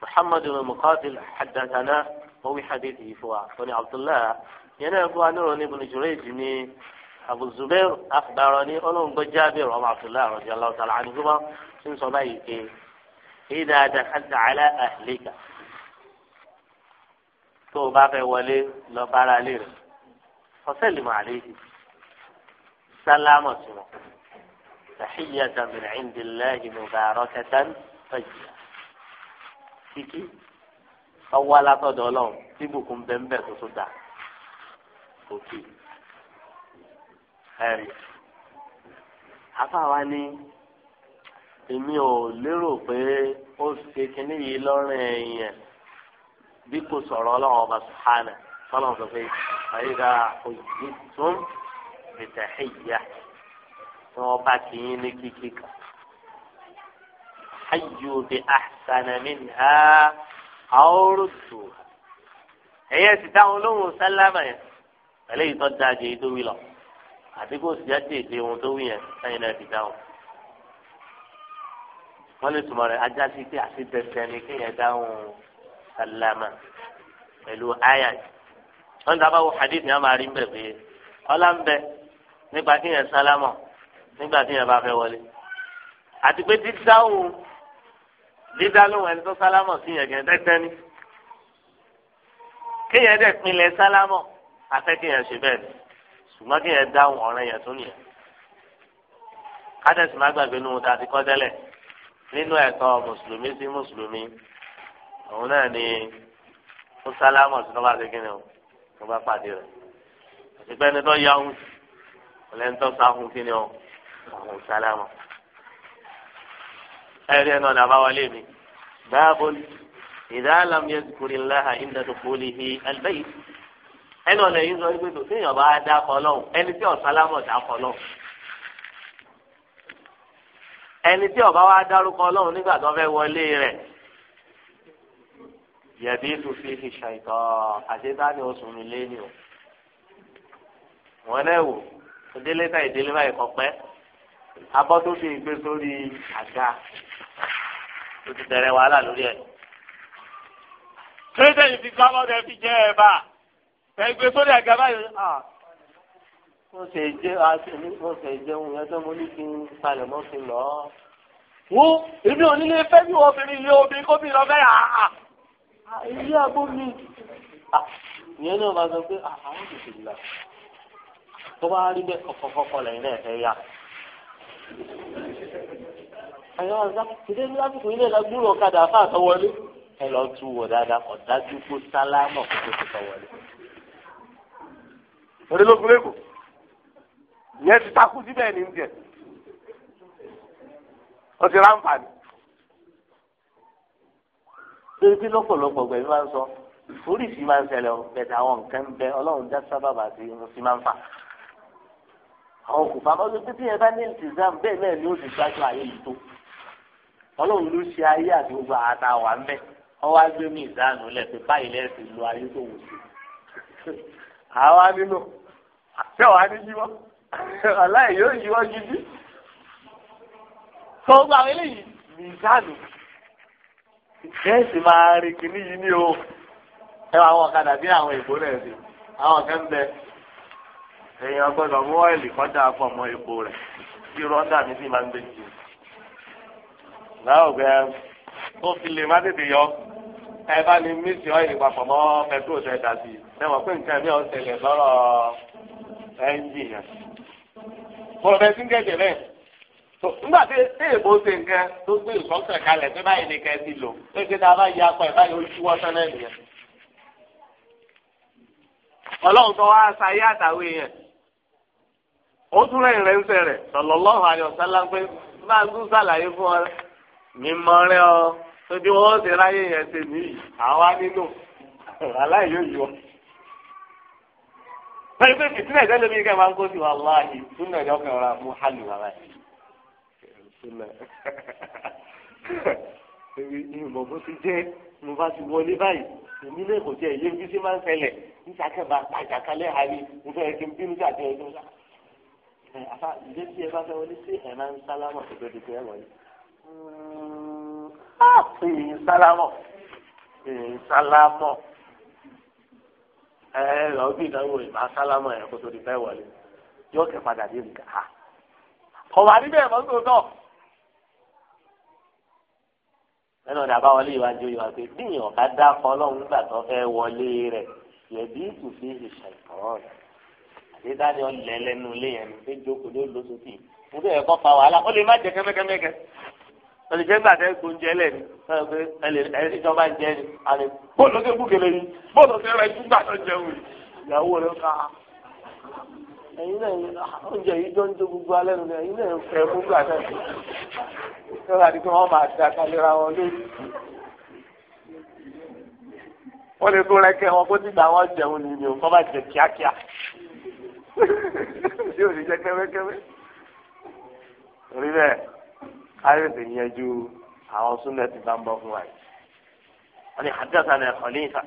محمد بن مقاتل حدثنا هو حديثه فوا قال عبد الله ينا أبو أنور بن جريج أبو الزبير أخبرني أنه جابر وعبد الله رضي الله تعالى عنهما سن صبايكي إذا دخلت على أهلك تو بابا ولي لو بارا لير فسلم عليه سلام تحية من عند الله مباركة طيبة kíkí ọwọ́ alátọ́dọ̀ ọlọ́run tí bùkún bẹ́ńbẹ́ tó tó dà òkè ẹ̀rí afáwa ní èmi ò lérò pé ó ṣe kínní yìí lọ́rùn ẹ̀yìn bí kò sọ̀rọ̀ ọlọ́run ọba sùhánà sọlọ́run sọ pé àyíká òjì tún bìtẹ̀ ẹ̀yà tí wọ́n bá ti yín ní kíkí kan. ayyu bi ahsana minha àórùtù ẹ̀yẹ sì táwọn olóhùn sálámà yẹn pẹ̀lú ìtọ́jú àjẹyí tó wí lọ àti kó sì jáde èdè ohun tó wí yẹn sáyẹn náà ti dáhùn wọ́n lè tùmọ̀ rẹ̀ ajá sí pé àṣetẹ̀tẹ̀ ni kéèyàn dáhùn sálámà pẹ̀lú àyà wọ́n dábàá wo hadith yẹn máa rí bẹ́ẹ̀ pé ọlá ń bẹ nígbà kéèyàn sálámà nígbà kéèyàn bá fẹ́ wọlé àti pé dídáhùn dídáhùn ẹni tó sálámà sí yẹn kẹ́ tẹ́tẹ́ ni kéèyàn dẹ̀ pinlẹ̀ sálámà afẹ́ kéèyàn ṣe bẹ́ẹ̀ ni ṣùgbọ́n kéèyàn dáhùn ọ̀rẹ́ yẹn tó nìyẹn kádẹ́sì má gbàgbé nu ta ti kọ́ tẹ́lẹ̀ nínú ẹ̀tọ́ mùsùlùmí sí mùsùlùmí òun náà ni mùsálámù sí lọ́ba ṣe kíni o tó bá pàdé rẹ̀ àtìpẹ́ ẹni tó yahun ọ̀lẹ́ni tó sáhun kíni o àwọn sálámù. ẹ̀rí ẹ̀ náà ní abáwọlé mi báàbò idha lam yadhkurillaha inda dukhulihi al-bayt ẹni ọ̀lẹ́yìn sọ wípé tòṣèyàn bá dá kọ́ ẹni tí ọ̀sálámù dá kọ́ ẹni tí ọba wa dárúkọ ọlọ́run nígbà tó fẹ́ wọlé rẹ̀ yẹ̀bí tufi fi ṣàìtọ́ àṣetáni oṣù mi lẹ́nu wọn náà wò ìdílé ta ìdílé báyìí kọ pẹ́ abọ́ tó fi gbé sórí àga tó ti bẹ̀rẹ̀ wàhálà lórí ẹ̀. kéde ìfikọ́ ọlọ́dẹ fi jẹ́ ẹ̀ bá ẹ gbé sórí àga báyìí. Ah ó ṣe jẹ́ ó ṣe jẹun yẹn tó mo ní kí n palẹ̀ mọ́ fi lọ. wo èmi ò nílé fẹ́ bí wọ́n obìnrin ilé obìnrin kó bí lọ fẹ́ yà á. ilé àgbo mi. ìyẹn náà máa sọ pé àwọn tètè là tó bá rí bẹ́ẹ̀ kọ́kọ́kọ́ lẹ́yìn náà fẹ́ yà. àyọ̀ ọ̀sán ìdí ní lásìkò ilé ìlàgbúrò ọ̀kadà fáàtọ̀ wọlé ẹ lọ tú wọ dáadáa kọ kó sálámọ kó tó tọwọlé. orí ló kúrẹ́kù yẹn ti takú síbẹ̀ ní tiẹ̀ o ti ráǹfààní. Ebi lọ́pọ̀lọpọ̀ gbẹ̀mí máa ń sọ, oríṣi máa ń ṣẹlẹ̀ bẹ̀tẹ̀ àwọn nǹkan ń bẹ, ọlọ́run dá sábàbà sí irun sí máa ń fà. Àwọn òkùnfà máa ń pé tí yẹn bá ní ìtìsám bẹ́ẹ̀ náà ni ó sì gbájú ayé yìí tó. Ọlọ́run ló ṣe ayé àti gbogbo àtà wà ń bẹ̀, wọ́n wá gbé mi ìdáhùn lẹ̀ pé báyìí lẹ́sìn lo ayé tó wù sí. Àwa nínú, àtẹ̀wá ní aláì yóò yí wọ́n gidi tó gba àwọn eléyìí mìsánù ìfẹ́sì máa rí kìíní yìí ní o ẹ wá àwọn ọ̀kadà bí àwọn èèbó rẹ̀ sí àwọn kan bẹ èèyàn gbọ́dọ̀ mú ọ́ìlì kọ́dà pọ̀ mọ́ epo rẹ̀ bí rọ́dà mi sì máa ń gbé jù láwùjọ ó fi lè má tètè yọ ẹ bá ní mísì ọ́ìlì papọ̀ mọ́ pẹtrol tẹ̀ dà sí mọ̀ pé nǹkan mi ò ṣẹlẹ̀ lọ́rọ̀ ẹ́ńjìn yẹn bọ̀rọ̀ bẹ́ẹ̀ sí ń gẹ̀gẹ̀ bẹ́ẹ̀. nígbà tí èèbó ṣe nǹkan tó gbé ìsọ́sẹ̀ kalẹ̀ pé báyìí ni kẹ́ẹ́ ti lò pé kí ta bá yí apá ẹ̀ báyìí ó ṣú wọ́sán náà nìyẹn. ọlọ́run tó wá sayé àtàwé yẹn ó tún rẹ̀ ìrẹsẹ̀ rẹ̀ sallallahu alaihi wasallam pé máa ń tún sàlàyé fún ọ mímọ́ rẹ̀ ọ tóbi wọ́n ṣe ráyè yẹn ṣe nìyí àwa nínú aláìyó pẹ̀lú pé fìtínà ìdá lómi kẹ́ máa ń kó sí wa wáyé súnà ìdá ọkàn ọ̀rọ̀ àmú hàlù wàrà yìí. súnà èmi ìmọ̀ bó ti jẹ́ mo bá ti wọlé báyìí èmi náà kò jẹ́ ìyé bísí máa ń ṣẹlẹ̀ níta kẹba àjàkálẹ̀ àrí mo fẹ́ kí n bínú sí àti ẹjọ́ sá. àfa ìdí tí ẹ bá fẹ́ wọlé sí ẹ̀ máa ń sálámọ̀ ìgbẹ́dẹ̀ tó yẹ wọlé. sálámọ̀ sálámọ̀ ẹ lọ bí ìdánwò ìmọ̀ asálámọ̀ ẹ̀ kó tó di fẹ́ wọlé yóò kẹ́ padà dé nǹkan ha ọ̀wà níbẹ̀ mọ́ tó tọ̀ lẹ́nu ọ̀dà àbáwọlé ìwájú ìwà pé bí ìyàn ká dá kọ́ ọlọ́run nígbà tó fẹ́ wọlé rẹ̀ yẹ̀bí ìtùfí ìṣàìtàn àdédáni ọ̀lẹ́lẹ́nu ilé yẹn ní pé jókòó ló lóṣù tì í mo kọ́ fa wàhálà ó lè má jẹ kẹ́mẹ́kẹ́mẹ́kẹ́ olùjẹ́ gbà tẹ́ gbóúnjẹ lẹ̀ ni ẹni tó bá ni àlè bóòlù tó bùkẹ́lẹ́ ni bóòlù tó rẹ̀ tún gbà tó jẹun ìyàwó rẹ̀ ká ẹ̀yin náà oúnjẹ yìí jọ ń jó gbogbo alẹ́ nù ẹ̀yin náà fẹ́ fún gbà náà lọ́la ni kí wọ́n máa da kálíra wọn lórí. wọ́n lè tún rẹ́kẹ́ wọn kó dìgbà wọn jẹun ní ìlú kọ́ bá jẹ kíákíá yóò àrètè yanjú àwọn súnlẹ̀ ti bá ń bọ́ fún wa yìí. wọ́n ní àdúrà ní ẹ̀kọ́ ní ìta.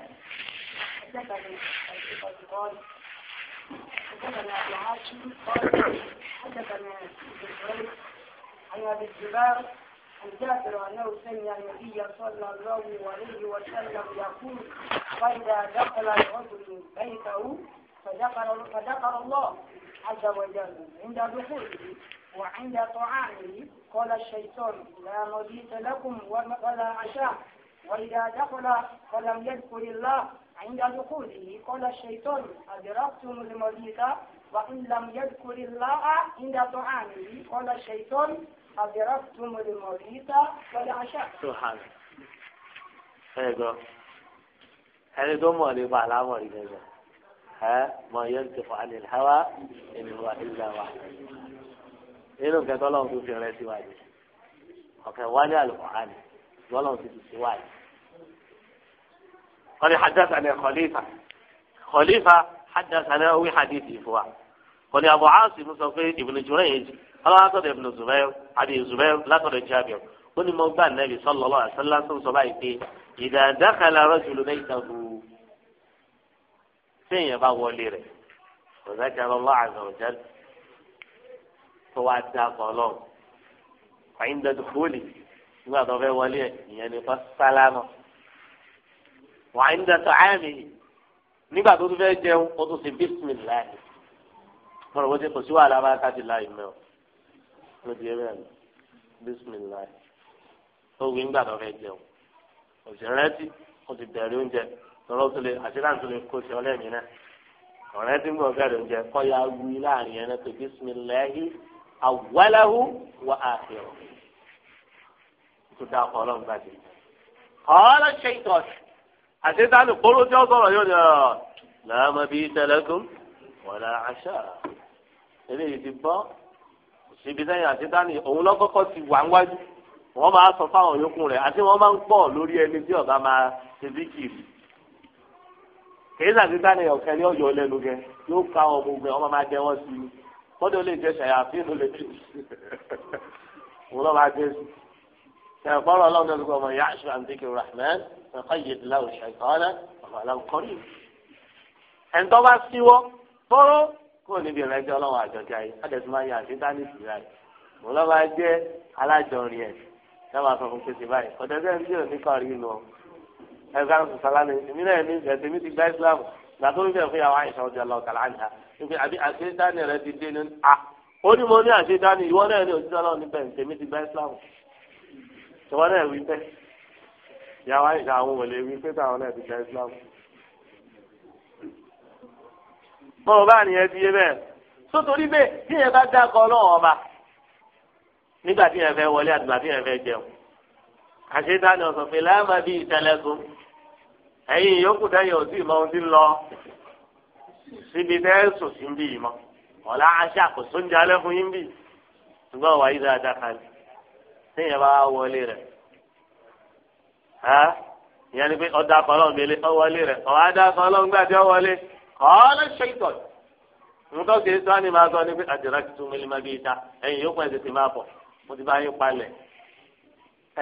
عن ابي الزبير عن جابر انه سمع النبي صلى الله عليه وسلم يقول فاذا دخل الرجل بيته فذكر فذكر الله عز وجل عند دخوله وعند طعامه قال الشيطان لا مبيت لكم ولا عشاء وإذا دخل فلم يذكر الله عند دخوله قال الشيطان أدركتم المبيت وإن لم يذكر الله عند طعامه قال الشيطان أدركتم المبيت عشاء سبحان الله هذا دوم ولا بعد عمر ها ما ينطق عن الهوى إن هو إلا واحد nínú nǹkan tọ́lọ́run tó fi rẹ síwájú ọ̀kẹ́ wálé àlùkùránì tọ́lọ́run ti tù síwájú. قال حدثنا خليفة خليفة حدثنا هو حديثي فوا قال أبو عاصم صفي ابن جريج قال أتد ابن زبير عدي زبير لا ترى جابر قل موضع النبي صلى الله عليه وسلم صبايتي إذا دخل رجل بيته سين يبغى وليره وذكر الله عز وجل tó wá dá ọlọ́run fàyín dandan fóòlì nígbà tó fẹ́ wọlé ìyẹn ni kọ́ sálámà wàyín dandan àmì nígbà tó tún fẹ́ jẹun ó tún ṣe bísímìláì mọ̀rọ̀ wọ́n ti kò sí wàhálà bá káàdì láì mẹ́ọ̀ ló di ẹ̀rẹ́ mi bísímìláì ó wí nígbà tó fẹ́ jẹun òṣèrẹ́tì ó ti bẹ̀rẹ̀ oúnjẹ lọ́rọ́ tó lè àti láti lè kó sí ọlẹ́mìí náà ọ̀rẹ́ tí ń bọ̀ bẹ̀rẹ̀ oúnjẹ kọ́ ya wí láàrin yẹn náà pé bísímìláì awwalahu wa akhirahu tó dáa kọ́ ọlọ́run gbàdé ọ̀ọ́lá ṣètọ́s àṣetánù kóró tí ó sọ̀rọ̀ yóò ní ọ̀ làámọ̀ bíi tẹlẹkùn wọ̀lá àṣà eléyìí ti bọ́ síbi sẹ́yìn àṣetánù òun lọ́kọ́kọ́ ti wà wájú wọ́n máa sọ fáwọn yòókù rẹ̀ àti wọ́n máa ń pọ̀ lórí ẹni tí ọ̀gá máa ṣe bíkìrì kèésà àṣetánù ọ̀kẹ́ ni ọ̀yọ́ lẹ́nu gẹ yóò ká ọmọ ogun ẹ̀ wọ́n máa jẹ́ wọ́n sí i kọ́dọ̀ lè jẹ ṣàyàfínú lè bí wọn lọ́ba jésù ṣàkpọ́rọ̀ ọlọ́run náà lùkọ́ ọmọ yáṣu àǹtíkì rahman ṣàkọ́ yìdìlá òṣèkọ́nà ọ̀là nkọ́rì. ẹ̀ńtọ́ bá síwọ́ tọ́rọ́ kó o níbi ìrẹ́jọ́ ọlọ́run àjọkẹ́ ayé adẹ̀sùn máa yẹ àti dání sí ra ẹ̀ wọn lọ́ba jẹ́ alájọrin ẹ̀ sábà sọ fún pèsè báyìí ọ̀dẹ́sẹ̀ ń bí òní kọ́rí lọ ẹ̀ka sọ̀sálá ni ń bẹ̀ ìpè àbí àṣetánì rẹ ti dé ní a ó ní mo ní àṣetánì ìwọ náà ní òtítọ́ náà níbẹ̀ ní tèmi ti bá islam ìwọ náà wí pé ìyàwó àyíká àwọn òwòlè wí pé táwọn náà ti bá islam. mo rò bá nìyẹn ti yé bẹ́ẹ̀ sótórí bẹ́ẹ̀ tí yẹn bá dákọ̀ ọlọ́run ọba nígbà tí yẹn fẹ́ wọlé àtìgbà tí yẹn fẹ́ jẹun àṣetánì ọ̀sán fèlè àmàbí ìtẹ̀lẹ́gùn ẹ̀yin ìyókù dáyẹ̀ òsì mọ ohun tí ń lọ síbi tẹ́ ẹ sùn ọ̀la aṣá kò sóúnjẹ alẹ́ fún yín bí ṣùgbọ́n wàá yí dáadáa kan bá wọlé rẹ̀ ìyẹn ni pé ọ̀dà kan ọ rẹ̀ ọ̀dà kan lọ́n ọ ọ̀ọ́lẹ́ ṣèkọ̀ nǹkan kì í sọ ni máa sọ ni pé àdìrà tuntun mi lè má bí ẹ̀yìn yóò pẹ́ tètè máa bọ̀ mo ti bá yín palẹ̀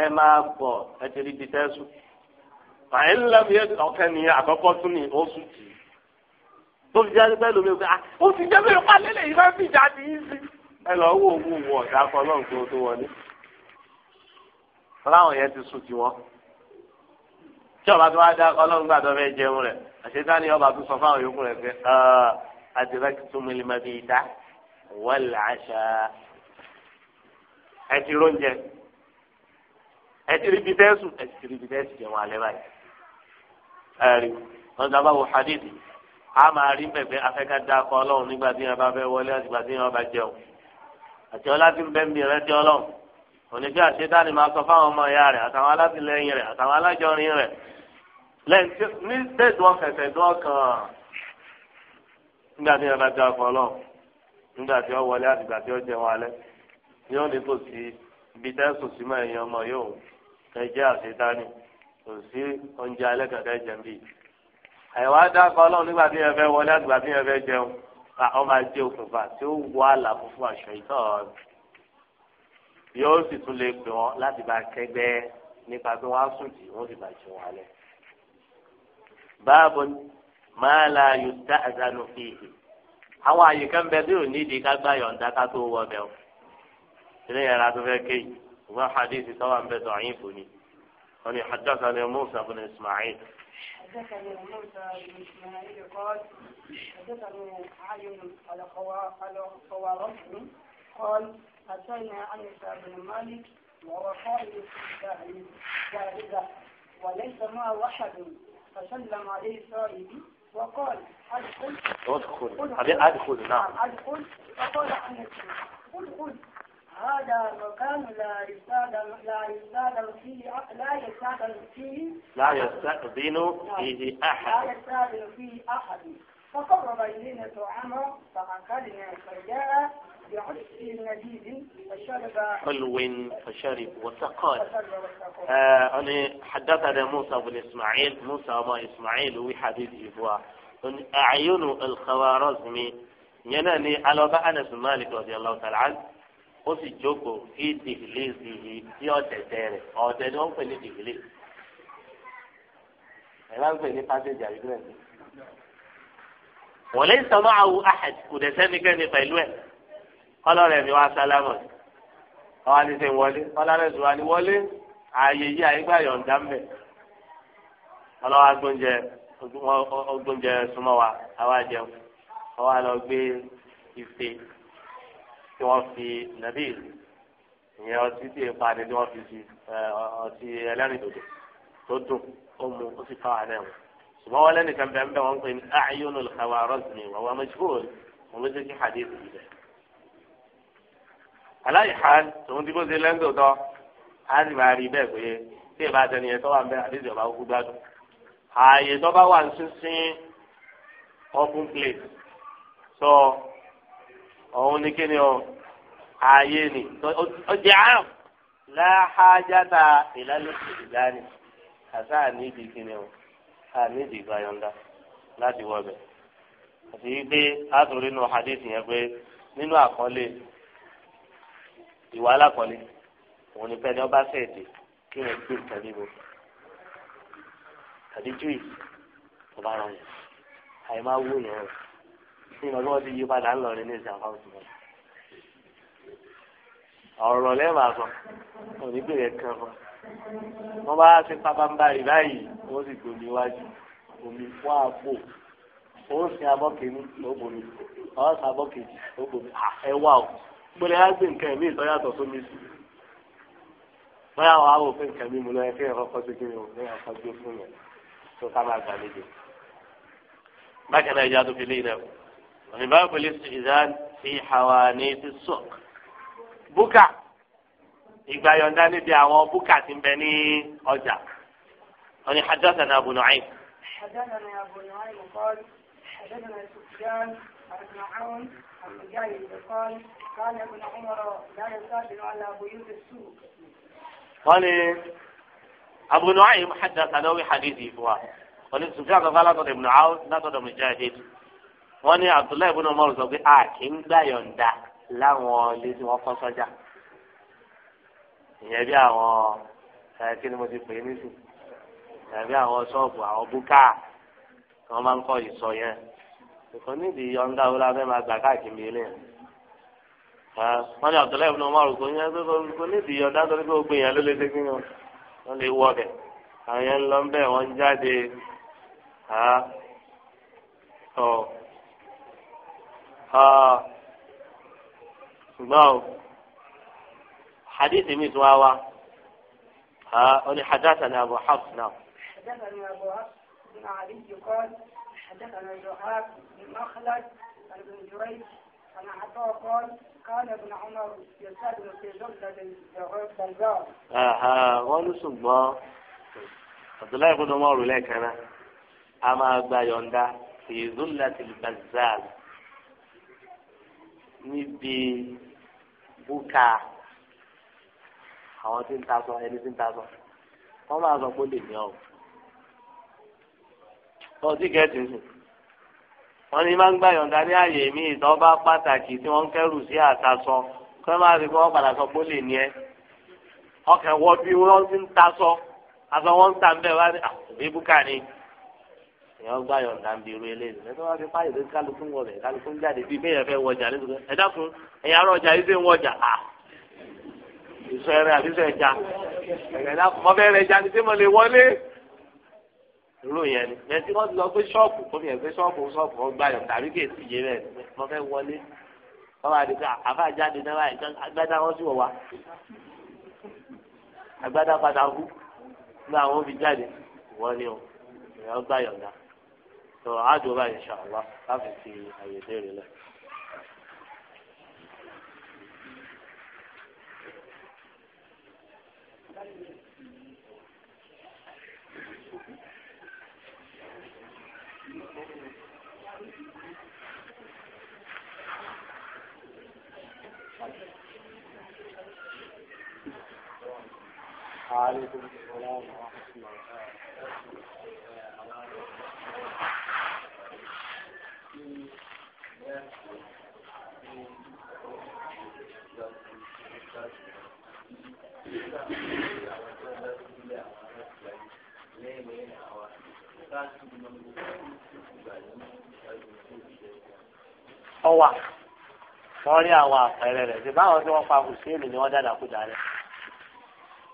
ẹ máa bọ̀ ẹ ti rí ni àkọ́kọ́ tún ni ó tó fi jáde pẹ́ lómi ọ̀gá ó ti jẹ́ bẹ́ẹ̀ pálẹ́ lè yíra fi jáde ah, yín sí. ẹ lọ wo owó wọ ọ̀dà kan náà kí o tó wọlé. fúláwọn yẹn ti sùn tiwọn. tí ọba tó wá dá ọlọ́run gbàdọ́ fẹ́ jẹun rẹ̀ àṣetá ni ọba tó sọ fáwọn yòókù rẹ̀ pé àdìrẹ́kì tó mi lè má bí dá wọ́lẹ̀ àṣà ẹ ti róúnjẹ ẹ ti ríbi tẹ́sùn ẹ ti ríbi tẹ́sùn jẹun alẹ́ báyìí. ẹ rí wọn dábàá wo hadithi a máa rí pẹ̀pẹ́ afẹ́ká dá akọ ọlọ́run nígbà tí wọn bá fẹ́ wọlé àtìgbà tí wọn bá jẹun àti ọláti ń bẹ́ ń bìrẹ́ tí ọlọ́run òní bí àṣetáni máa sọ fáwọn ọmọ ìyá rẹ̀ àtàwọn alátìlẹyìn rẹ̀ àtàwọn alájọrin rẹ̀ ní tẹ̀sí wọn fẹ̀fẹ̀ dún ọkàn nígbà tí wọn bá dá akọ ọlọ́run nígbà tí wọn wọlé àtìgbà tí wọn jẹun alẹ́ ni ní kò sí ibi àyẹ̀wò adáko ọlọ́run nígbà tí yẹn fẹ́ wọlé àgbà tí yẹn fẹ́ jẹun ọ máa jẹ òkùnfà tí ó wọ àlà fúnfún aṣọ ìtàn yóò sì tún lè pè wọn láti bá kẹgbẹ́ nípa bí wọ́n á sùn tì wọ́n sì bá jẹ wọn alẹ́. báàbò máa la yòtá àdánù fìhì àwọn àyíká ń bẹ tí ò ní ìdí ká yọ̀ǹda ká tó wọ bẹ́ẹ̀ o ilé yẹn la tó fẹ́ kéyìí wọ́n wọ́n ni hadith sani حدثني موسى بن اسماعيل قال حدثني علي على خوارزم قال اتينا انس بن مالك ورقائه جاهزه وليس معه احد فسلم عليه صاحبي وقال ادخل ادخل ادخل نعم ادخل فقال انس ادخل هذا مكان لا يستأذن لا يستأذن فيه لا يستأذن فيه لا فيه أحد لا يستأذن فيه أحد فقرب إلينا طعاما فأكلنا فجاء بعشق لذيذ فشرب حلو فشرب وسقال آه، أنا حدثنا موسى بن إسماعيل موسى ما إسماعيل وحديث إبوا أعين الخوارزمي ينني على أنس مالك رضي الله تعالى عنه ó sì jókòó fi dìgbìlì ìhì sí ọ̀tẹ̀tẹ̀ rẹ̀ ọ̀tẹ̀ ni wọ́n ń pè ní dìgbìlì. ẹ̀ máa ń pè ní pásẹ̀jì àbíkú rẹ̀. wọ́n lè sọmọ́ àwọn ahad kò dẹ̀ sẹ́nikẹ́ni pẹ̀lú ẹ̀ kọ́lọ́rẹ̀ mi wá sálámọ̀ ọ̀hún àti ṣe wọlé kọ́lọ́rẹ̀ tó wá ní wọlé ààyè yí àyíká yọ̀ǹda mbẹ̀ ọlọ́wà gbóúnjẹ gbóúnjẹ súnmọ́ wa àwa jẹun ọwọ́ àlọ́ gbé ife tí wọ́n fi nabil ìyẹn ọtí tí ipa ni tí wọ́n fi si ọtí ẹlẹ́rìndòdò tó dùn ó mu ó sì fa àárẹ̀ wọn. ṣùgbọ́n wọn lẹ́nu kan bẹ́ẹ̀ wọ́n ń pè ní ayélujára khawarazmi wọ́n wọ́n mẹ́jọ́ wọn ló jẹ́ kí hadith yìí bẹ̀. aláìhàn tòun tí kò ṣe lẹ́ńdò tọ́ á sì máa rí bẹ́ẹ̀ pé tí ìbá tẹni yẹn tó wà ń àdéhùn ọba kúkú gbádùn. ààyè tó bá wà ń sísìn open place so òun ni kíni o ààyè ni ó jẹ àrùn láhájáta ìlálòsì ìdáni àtà níbi kíni o a níbi ìgbàyọ̀ǹda láti wọ bẹ̀ àti gbé àtúrí nù hadith yẹn pé nínú àkọlé ìwà alákọlé òun ni pẹ́ni ọba sẹ̀dẹ̀ kí wọ́n gbé nǹkan níbo tàbí júì ọba ara àyè máa wó yẹn rẹ̀ ìmọ̀ tí wọ́n ti yí padà ń lọ ní ìsìn àfáwùsì wọn. ọ̀rọ̀ lẹ́ẹ̀mà sọ onígbèrè kan fún wọn bá ti pabambarì báyìí wọ́n sì gbòmí iwájú omi fún àpò ó sin abọ́ kìíní ó bomi ọ̀ sin abọ́ kejì ó bomi ẹ wá o gbọ́dọ̀ yá gbé nǹkan ẹ̀mí ìtọ́yàtọ̀ tó mi sùn bóyá àwọn àwọn òfin nǹkan mímu lọ ẹkẹ ọkọ tó kéré òun ní ọkọ gbé fún yẹn tó ká máa gbàlejò bákan náà ìjà tó fi lé ilẹ̀ o. باب الاستئذان في حوانيت السوق búkà ìgbà يندان دي أو búkà تنبني أجا bẹ حدثنا أبو نعيم. حدثنا يا أبو نعيم قال حدثنا سفيان عن معون عن مجاهد قال كان ابن عمر لا يسافر على بيوت السوق. قال أبو نعيم حدثنا وحديثه فوا wọ́n ní سفيان قال ابن عون látọ̀dọ̀ مجاهد. wọ́n ní abdullahi ibùdó mọ́rù sọ pé a ah, kì í gbà yọ̀ǹda láwọn ilé tí wọ́n kọ́ sọ́jà ìyẹn bí àwọn kí ni mo ti pè é nísìn ìyẹn bí àwọn ṣọ́ọ̀bù àwọn búkà tí wọ́n máa ń kọ́ ìsọ yẹn nǹkan nídìí yọ̀ǹda wo la fẹ́ máa gbà káàkiri ilé yẹn wọ́n ní abdullahi ibùdó mọ́rù sọ yẹn pé kò nídìí yọ̀ǹda tó ní kó gbé yẹn ló lè dé kí wọ́n lè wọ́ bẹ̀ àwọn yẹn ń lọ bẹ́ẹ̀ wọ́n jáde ṣùgbọ́n o hadith mi tún wá wá oní hadathana abu hafs náà. hadathana abu hafs bin ali yuqal hadathana zuhair bin makhlad bin jurayj عن عطاء قال قال ابن عمر يسأل في جملة البزار. آها ونسمى عبد الله بن عمر لك أنا أما بيوندا في ذلة البزاز níbi búkà àwọn tí ń ta sọ ẹni tí ń ta sọ wọ́n máa sọ pé ó lè ní ọ̀ ọ̀ sí kẹ́ẹ̀tì sùn wọ́n ní máa ń gbà yọ̀ǹda ní àyè mi ìtọ́ bá pàtàkì tí wọ́n ń kẹ́rù sí àtasọ kí wọ́n máa rí kí wọ́n padà sọ pé ó lè ní ẹ ọkàn wọ bí wọ́n ti ń ta sọ aṣọ wọn ń ta ń bẹ̀ wá ní àbí búkà ni èèyàn gbá yọ̀ ǹda ń bi irú eléyìí ẹ̀ wá fi fáyọ̀ lórí kálukú ń wọlé kálukú ń jáde bíi bẹ́ẹ̀ fẹ́ wọjà lẹ́sùn ẹ̀ dákun ẹ̀yà arọ ọjà yìí ń wọjà à ìṣọ ẹrẹ àbí ìṣọ ẹja ẹ̀ dákun mọ́ bẹ́ẹ̀ rẹ ẹja ni ṣé mo lè wọlé irú yẹn ni ẹ̀ tí wọ́n ti lọ pé ṣọ́ọ̀pù tó fi hàn pé ṣọ́ọ̀pù ṣọ́ọ̀pù wọn gbá tàbí kì yé rẹ̀ mọ́ fẹ́ wọlé báwa di ká àfáàjáde náà báyìí agbádá wọn sì wọ̀ wá agbádá padà kú ní àwọn òbí jáde wọ́n o ìyá ọgbà yọ̀ǹda tó àjò bá insha Allah láti fi àyè béèrè lẹ. عليكم السلام ورحمة الله ọwà wọ́n rí àwọn àpẹẹrẹ rẹ̀ ṣe báwọn tí wọ́n pa kùsùlù ni wọ́n dàdà kú dàrẹ́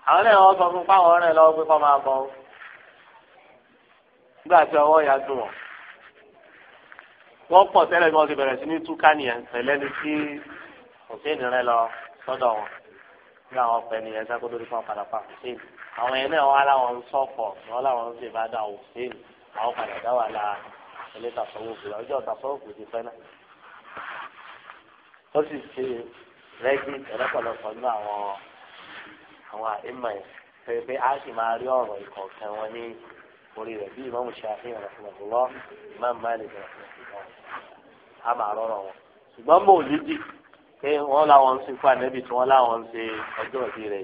àwọn náà wọ́n sọ fún fáwọn ọ̀rẹ́ lọ́wọ́ pé kọ́ máa bọ̀ ọ́ nígbà tí ọwọ́ ya dùn wọ́n wọ́n pọ̀ tẹ́lẹ̀ bí wọ́n ti bẹ̀rẹ̀ sí ní túká nìyẹn tẹ̀lé ní tí kùsùlù rẹ lọ sọ́dọ̀ wọn ní àwọn ọ̀pẹ nìyẹn sákó lórí padà pa kùsùlù àwọn yẹn náà wọ́n aláwọn ń sọ̀pọ̀ wọ́n aláwọn ń ṣèbádà kùsùlù àwọn padà dá wà la ilé tàfọwọ́fù la ọjọ́ tàfọwọ́fù ti fẹ́ náà ó sì ṣe rẹ́gí ọ̀lọ́pọ̀lọpọ̀ nínú àwọn àwọn àìmọ̀ ẹ̀ pé pé a sì máa rí ọ̀rọ̀ ìkọ̀ọ̀kan wọn ní orí rẹ̀ bí ìmọ̀mù ṣe àfihàn ọ̀pọ̀lọpọ̀ ìmọ̀mù máa lè bẹ̀rẹ̀ a máa rọrọ̀ wọn ṣùgbọ́n mò ń lídì pé wọ́n láwọn ń sin fún ànẹ́bì tí wọ́n láwọn ń ṣe ọjọ́ ìbí rẹ̀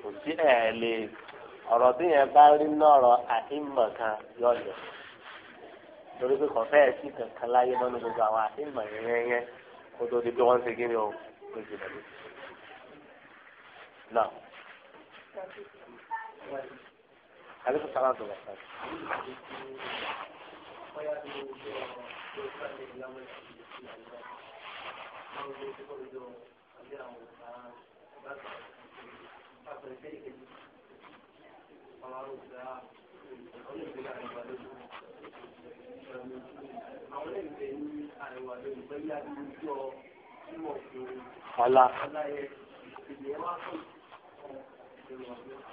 kò sí ẹ̀ ọ̀rọ̀ tí yẹn bá rí lọ́rọ̀ àìmọ̀ kan yọ̀yọ̀ torí pé kò fẹ́ẹ̀ sí kankan láyé mọ́nú gbogbo àwọn àìmọ̀ yẹn yẹn kó tó di pé wọ́n ń ṣe kíni o ló ti dàbí. náà ọlá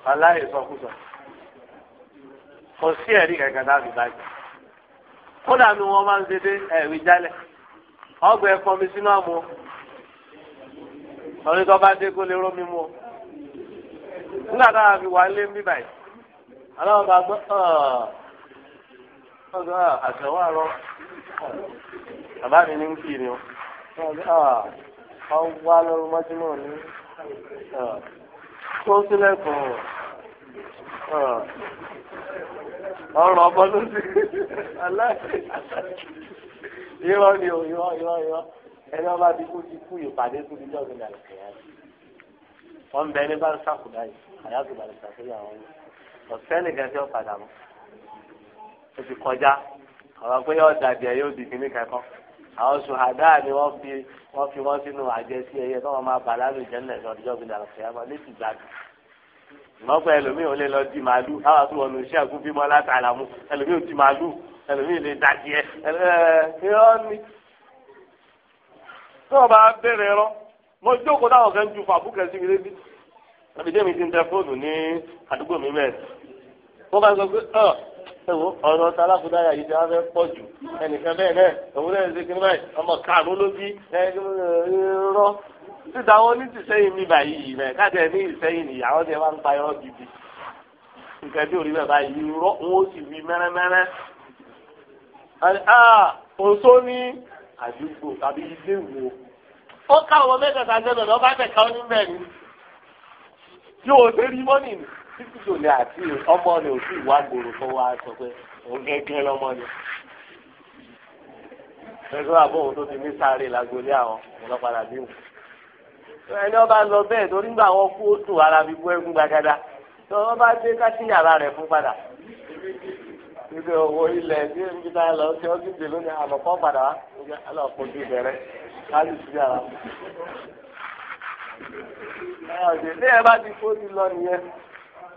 ọlá ìsọkúsọ kò sí ẹ̀rí kankan láti báyìí kódà ni wọ́n máa ń ṣe dé ẹ̀rí jálẹ̀ ọgbà ẹ̀fọ́ mi sínú àmú ọ̀rẹ́ tó bá dé kó lè rómi mu nígbà táwa fi wà lé ń bí báyìí. aláwọ̀ bá gbọ́ wọ́n sọ àtẹ̀wọ́ àrọ́ bàbá mi ní ń kiri o wọ́n wá lọ́rùn mọ́júmọ́ ní tó sílẹ̀kùn ọ̀rọ̀ ọ̀bọ ló ti aláìsí irọ́ ni o irọ́ irọ́ irọ́ ẹni ọba ti kú ti kú ìpàdé tó ti jọ́ mi nàlẹ́ kẹ̀yà bẹ ní bá ń sàkúdà yìí àyàtò bá ń sàkúdà wọn yìí ọ̀sẹ́ni kan tí ó padà mọ́ ó ti kọjá ọ̀rọ̀ pé yóò dàbí ẹ̀ yóò di kíní kẹ́kọ́ àwọn sùhàdá ni wọ́n fi wọ́n fi wọ́n sínú àjẹsí ẹ̀yẹ tí wọ́n máa bà lálù jẹ́nlẹ̀ lọ́dọ̀jọ́ gbìdà ọ̀sẹ̀yàmọ́ létí gbàgbé ìmọ̀pẹ́ ẹlòmíì ò lè lọ di màálù káwá tó wọnú iṣẹ́ àgùn bímọ látàlà mu ẹlòmíì ò ti màálù ẹlòmíì lè dàdí ẹ ẹlòmíì tí wọ́n bá béèrè rọ mo jókòó táwọn kan ju fàbùkẹ́ sí mi lébi àbídẹ́mi ti ń tẹ fóònù ní àdúgbò mi mẹ́rin wọ́n bá sọ pé ọ̀ ẹ̀wọ̀ ọ̀rọ̀ ta aláfọdáyà yìí ti wá fẹ́ pọ̀ jù ẹnìkan bẹ́ẹ̀ náà òun náà ṣe kíní báyìí ọmọ kàánú ló bí ẹ̀rọ títa wọn ní tìsẹ́yìn mi báyìí rẹ̀ káàtẹ́ ní ìsẹ́yìn ìyàwó tẹ wá ń pa irọ́ gidi nǹkan tí òrí bàbá yìí rọ́ wọn ó sì wí mẹ́rẹ́mẹ́rẹ́ òṣó ní àdúgbò tàbí ilé ìwò ó káwọn mẹ́tẹ̀ẹ̀ta jẹ́ bẹ̀rẹ̀ ọ títí tòní àti ọmọ ni òsì wá gbòòrò fún wa sọ pé òun gẹ́gẹ́ lọ́mọ ni. ẹgbẹ́ àbọ̀ òun tó ti ní sáré lágbolé àwọn ọlọ́padà bí wọn. ẹni ọba lọ bẹ́ẹ̀ torí gbà wọ́n kú ó ara fi bú ẹgún gbàgádá tí wọ́n dé káṣíyàn ara rẹ̀ fún padà. ibi owó ilẹ̀ bí ẹni bá lọ sí ọ́fíìsì lónìí àlọ́kọ́ padà wá alọ́kọ́ ojú bẹ̀rẹ̀ káàlù sí ara. ẹ ẹ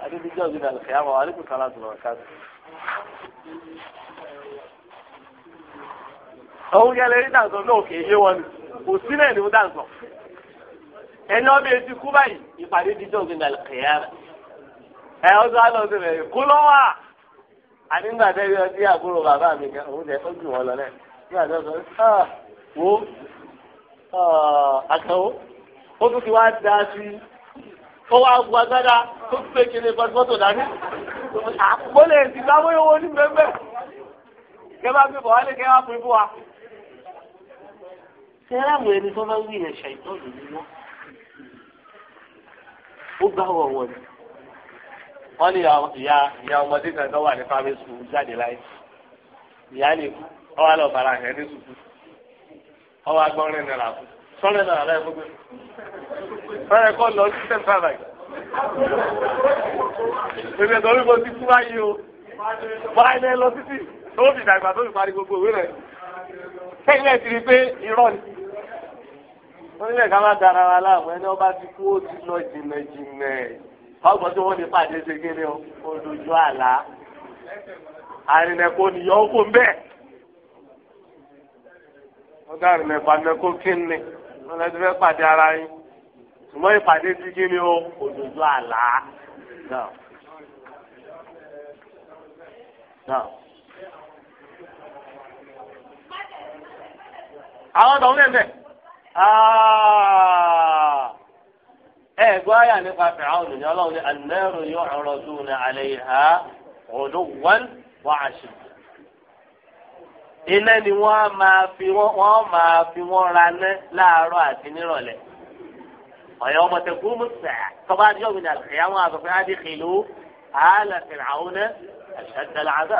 àdébí jọ́ọ̀gì náà lè yàwọ̀ àlékún kan láti lọ́ọ̀ káàdì. òun yẹn lè rí dànsọ náà kì í yé wọn ni kò sí náà ní ó dànsọ. ẹni ọbẹ̀ etí kú báyìí ìpàdé di jọ́ọ̀gì náà lè yàrá. ẹ ọjọ́ àlọ́ ọdún rẹ̀ kú lọ́wọ́ à. ànígbà tẹ́lẹ̀ ọtí àbúrò bàbá mi kan òun tẹ́ ó jù wọ́n lọ náà. ó tún ti wá dá sí i kó wá tó pé kiri pọ́tò dání. àpò lè ti owó ní bẹ́ẹ̀ kẹ́ bá gbé bọ̀ wálé kẹ́ wá pín fún ẹni tó bá wí yẹn ṣàìtọ́nù nínú ó gbá wọ̀wọ̀ ni wọ́n ní ìyá ìyá ọmọdé kan tó wà ní primary school jáde láyé ìyá lè kú ọ bàrà hẹ ní sùkú ọ wá gbọ́n rìn sọ́rẹ́ náà rẹ̀ gbogbo sọ́rẹ́ kọ́ lọ sí sẹ́ńtà rẹ̀. Èmi ẹ̀dọ́ wípé o ti kú báyìí o. Báyìí náà lọ títì tó fi dàgbà tó fi parí gbogbo òwe rẹ̀. Kẹ́yìn náà ti rí pé irọ́ ni. Wọ́n nílẹ̀ ká má dara wa láàmú ẹni ọba ti kú ó ti lọ jìnnà jìnnà. Ọgbọ́n tí wọ́n ní pàdé ṣe kí o, olójú àlá. Àrìnẹ̀kọ́ nìyọ́ kò ń bẹ̀. Wọ́n dá àrìnẹ̀kọ́ àrìnẹ̀kọ́ kí ni? wọn lọ sí fẹ́ pàdé ara yín ṣùgbọ́n ìpàdé ti kí ni o òdòdó àlá àwọn tó ń lé ẹ gbọ́ àyà nípa fìràwọn olùyọ́ ọlọ́run ní alẹ́rù yóò rọ̀ ní àlẹ́ yìí ha ọdún wọn wà á iná ni wọ́n máa fi wọ́n máa fi wọ́n ra ná láàárọ̀ àti nírọ̀lẹ́ ọ̀yọ́ ọmọtẹ̀kù mùsà tọ́ba àti ọ̀gbìn àlùkìyà wọn àtọ̀fẹ́ àdìkìlú àhálà fìràwọn àṣàdàlà àdà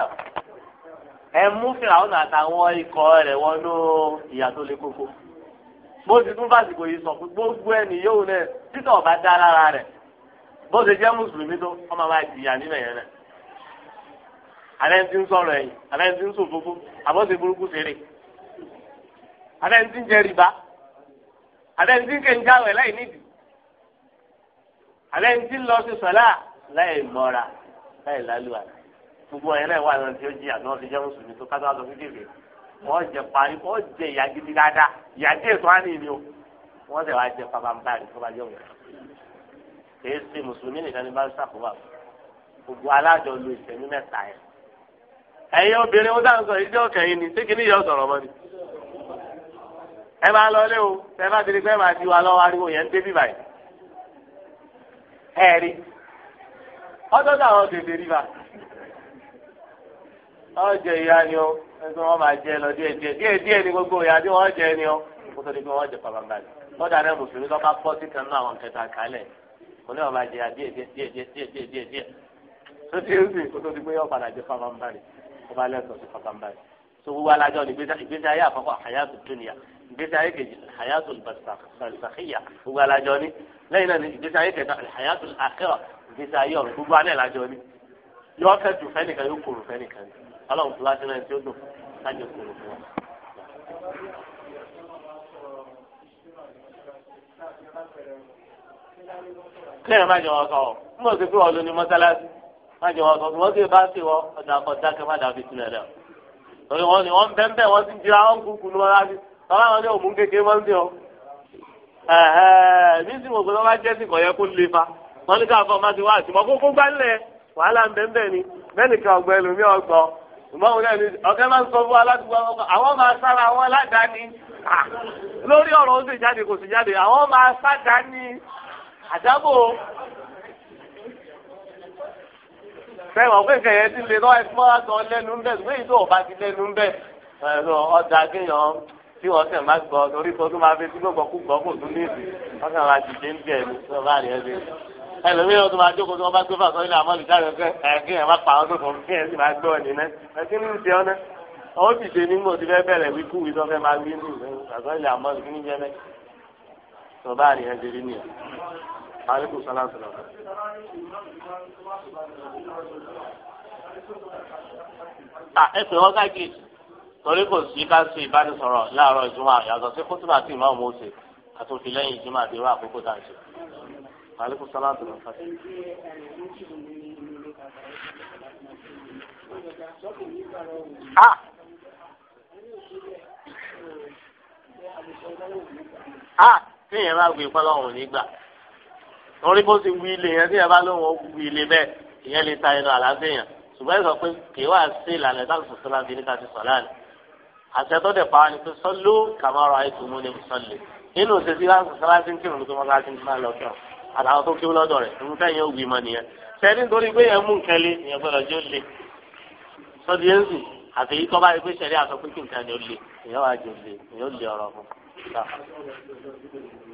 ẹ mú fìràwọn àtàwọn ikọ̀ rẹ̀ wọnú ìyà tó le koko bó ti tún fàsìkò yìí sọ pé gbogbo ẹni yóò náà títọ̀ bá dá lára rẹ̀ bó ti jẹ́ mùsùlùmí tó ọmọ máa jìyà nínú ẹ̀yẹn náà alẹ́ ń ti ń sọ̀rọ̀ ẹ̀yìn alẹ́ ń ti ń sòfófó àbọ̀sẹ̀ burúkú fèrè alẹ́ ń ti ń jẹ rìbá alẹ́ ń ti ń kẹ́ńjà wẹ̀ láì nídìí alẹ́ ń ti ń lọ sí sọ̀lá láì mọ́ra láì lálùwà gbogbo ẹ̀yẹ náà wà lọ́nà tí ó jí àti wọ́n ti jẹ́ mùsùlùmí tó kátó aṣọ fídíìfì wọ́n jẹ parí wọ́n jẹ ìyá gidi dáadáa ìyá díẹ̀ tó wá ní ìlú wọ́n sì wá jẹ pabambari tó bá jẹ òun kèé mùsùlùmí nìkan ní bá ń sàkóbá gbogbo alájọ lu ìṣẹ́jú mẹ́ta yẹn ẹ̀yin obìnrin wọn dáhùn sọ ìdí ọ̀kẹ́ yìí ni ṣé kìíní yọ sọ̀rọ̀ mọ́ ni. ẹ máa lọ lé o ẹ máa ti di pé ẹ máa ti wà lọ́wọ́ ariwo yẹn ń dé bíbà yìí. ẹ rí ọdún táwọn tètè rí bá ọjọ́ ìyá ni ó ẹgbẹ́ wọn máa jẹ lọ díẹ̀ díẹ̀ díẹ̀ díẹ̀ ni gbogbo ìyá tí wọ́n jẹ ni ó kó tó di pé wọ́n jẹ pàpàǹbà ni lọ́dà náà mùsùlùmí tó pọ́ sí kan àwọn kẹta kálẹ̀ kò ní wọn máa jẹ díẹ̀ díẹ̀ díẹ̀ díẹ̀ díẹ̀ díẹ̀ díẹ̀ tó ti ń sìn kó tó di pé wọ́n padà jẹ pàpàǹbà ni. tó bá lẹ́sọ̀ sí kankan báyìí so gbogbo alájọ ni ìgbésí ayé àkọ́kọ́ hayatu dunya ìgbésí ayé kejì hayatu barisakhiya gbogbo alájọ ni lẹ́yìn náà ni ìgbésí ayé kẹta hayatu akhira ìgbésí ayé ọ̀run gbogbo alẹ́ alájọ ni yọ fẹ́ dùn fẹ́nìkan yóò kúrò fẹ́nìkan ọlọ́run fúlá sínú ẹni tí ó dùn sájò kúrò fún wa. kílẹ̀ má jọ ọkọ̀ ọ́ mọ̀ sí pé ọ̀lú ni mọ́sálásí. má jẹ wọn kọkùn wọn kì í bá sí wọn ọ̀dà ọ̀dà kẹ má dàbí sílẹ̀ dà torí wọn ni wọn bẹ́ẹ̀ wọn ti jira wọn kúkú ní wọn láti tọ́lá wọn ní òun kékeré máa ń dì ọ́ ẹ̀ẹ́ ní sìn òkú lọ́wọ́ jẹ́ sí kọ̀yẹ́ kó le fa wọn ní káfọ́ má ti wá àtìmọ́ kókó gbálẹ̀ wàhálà ń bẹ́ẹ̀ ni mẹ́nìkan ọgbẹ́ ẹlòmí ọgbọ́ ìmọ̀wòlá ẹni ọ̀kẹ́ máa ń sọ sẹ́wọ̀n pé nǹkan yẹn ti lè lọ́wọ́ ẹ̀fọ́ àtọ̀ lẹ́nu bẹ́ẹ̀ ṣùgbọ́n èyí tó ọba ti lẹ́nu bẹ́ẹ̀ ẹ̀rọ ọjà kéèyàn tí wọ́n sẹ̀ má gbọ́ torí tó tún máa fi sígbó gbọ́ kú gbọ́ kò tún ní ìsìn wọ́n sẹ̀ máa dìde ń bẹ̀ ní sọ́ba rẹ̀ ẹ̀ ẹlòmíì ọdún máa jókòó tí wọ́n bá gbé fà sọ́yìn àmọ́ lè jáde ọ̀kẹ́ ẹ̀kí ẹ̀ pa àwọn tó fọ́n kí ẹ̀ sì máa gbọ́ ọ̀nì aleykum salaam salaam. Ah, à ẹ pè wọ́n káàkiri torí kò sí ká ṣe ìbánisọ̀rọ̀ láàárọ̀ ìjùmọ̀ yàtọ̀ sí kótópà tí ìmọ̀ ọ̀mọ̀ ṣe àtòkè lẹ́yìn ìjùmọ̀ àti ìwà àkókò tá à ń ṣe. aleykum salaam salaam. ah ah kéèyàn bá gbé pẹ́ lọ́rùn nígbà torí bó ti wí ilé yẹn tí yẹn bá lóun ó wí ilé bẹ́ẹ̀ ìyẹn lè ta ẹnu àlàáfíà yẹn ṣùgbọ́n ìsọ pé kì í wá sí ìlànà ìdáhùn sọ̀tún láti ní káfí sọ̀lá ni àṣẹ tó dẹ̀ pàwọn ni pé sọ́lú kàmọ́rọ̀ àìsùnmú ni sọ́lé nínú òṣèṣì láti sọ̀tún láti ń kírun tó mọ́ká sí máa lọ kí ọ àtàwọn tó kéwú lọ́dọ̀ rẹ̀ ìmú fẹ́ yẹn ògbì mọ́ nìyẹn sẹ́ni nítorí pé yẹn mú nǹkan lé gbọ́dọ̀ jó lé sọ́dí yẹn sì àti yìí tó bá rí pé pé kí nǹkan ni ó lé ìyẹn wàá jó lé ọ̀rọ̀ fún un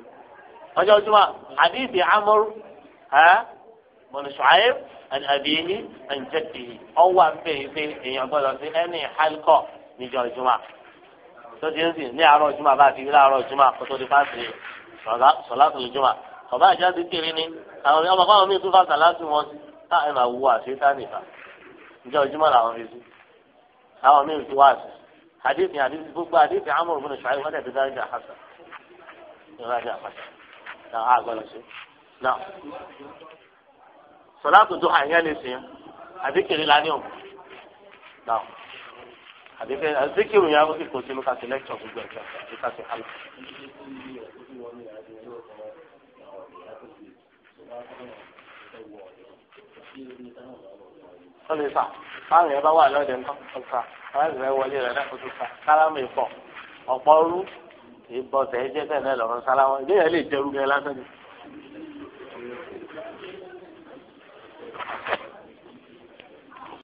ọjọ́ juma hadithi amur ẹ bọ̀dọ̀ ṣùáyé ẹni àbíyí ẹni jẹ́tìyí ọwọ́ àbẹ̀ ìfẹ́ èèyàn gbọ́dọ̀ sí ẹni halkọ́ níjọ́ juma tó ti ń sìn ní àárọ̀ juma bá ti rí láàárọ̀ juma kó tó di fásitì sọ̀látù juma ọba àjáde kiri ni àwọn ọmọ kọ́ àwọn míì tún fàtà láti wọn sí táà máa wú àṣetá nìfà ìjọ ìjùmọ̀ làwọn fi sí àwọn míì tún wá sí hadith ni hadith gbogbo hadith amúrùmúnú ṣáà ìwádìí àti dáadáa hasan náà á gbọ́dọ̀ ṣe náà sọláàtù tó hàn yẹn lè ṣe yẹn àbíkiri la ní o náà àbíkiri àbíkiri yẹn ó sì kó sínú ká sí lẹ́kítọ̀ gbogbo ẹ̀kẹ́ àti ká sí hàlù. wọ́n lè fà báwọn yẹn bá wà lọ́dẹ̀ ọ̀sà aláìsàn wọlé rẹ̀ náà tó fà kálámù ìfọ̀ ọ̀pọ̀ ọrú ìbọ̀sẹ̀ ẹ̀jẹ̀ bẹ́ẹ̀ náà lọ́rọ̀ sáláwọ́ ìbéèrè lè jẹ́rú gẹ́gẹ́ lásán ni.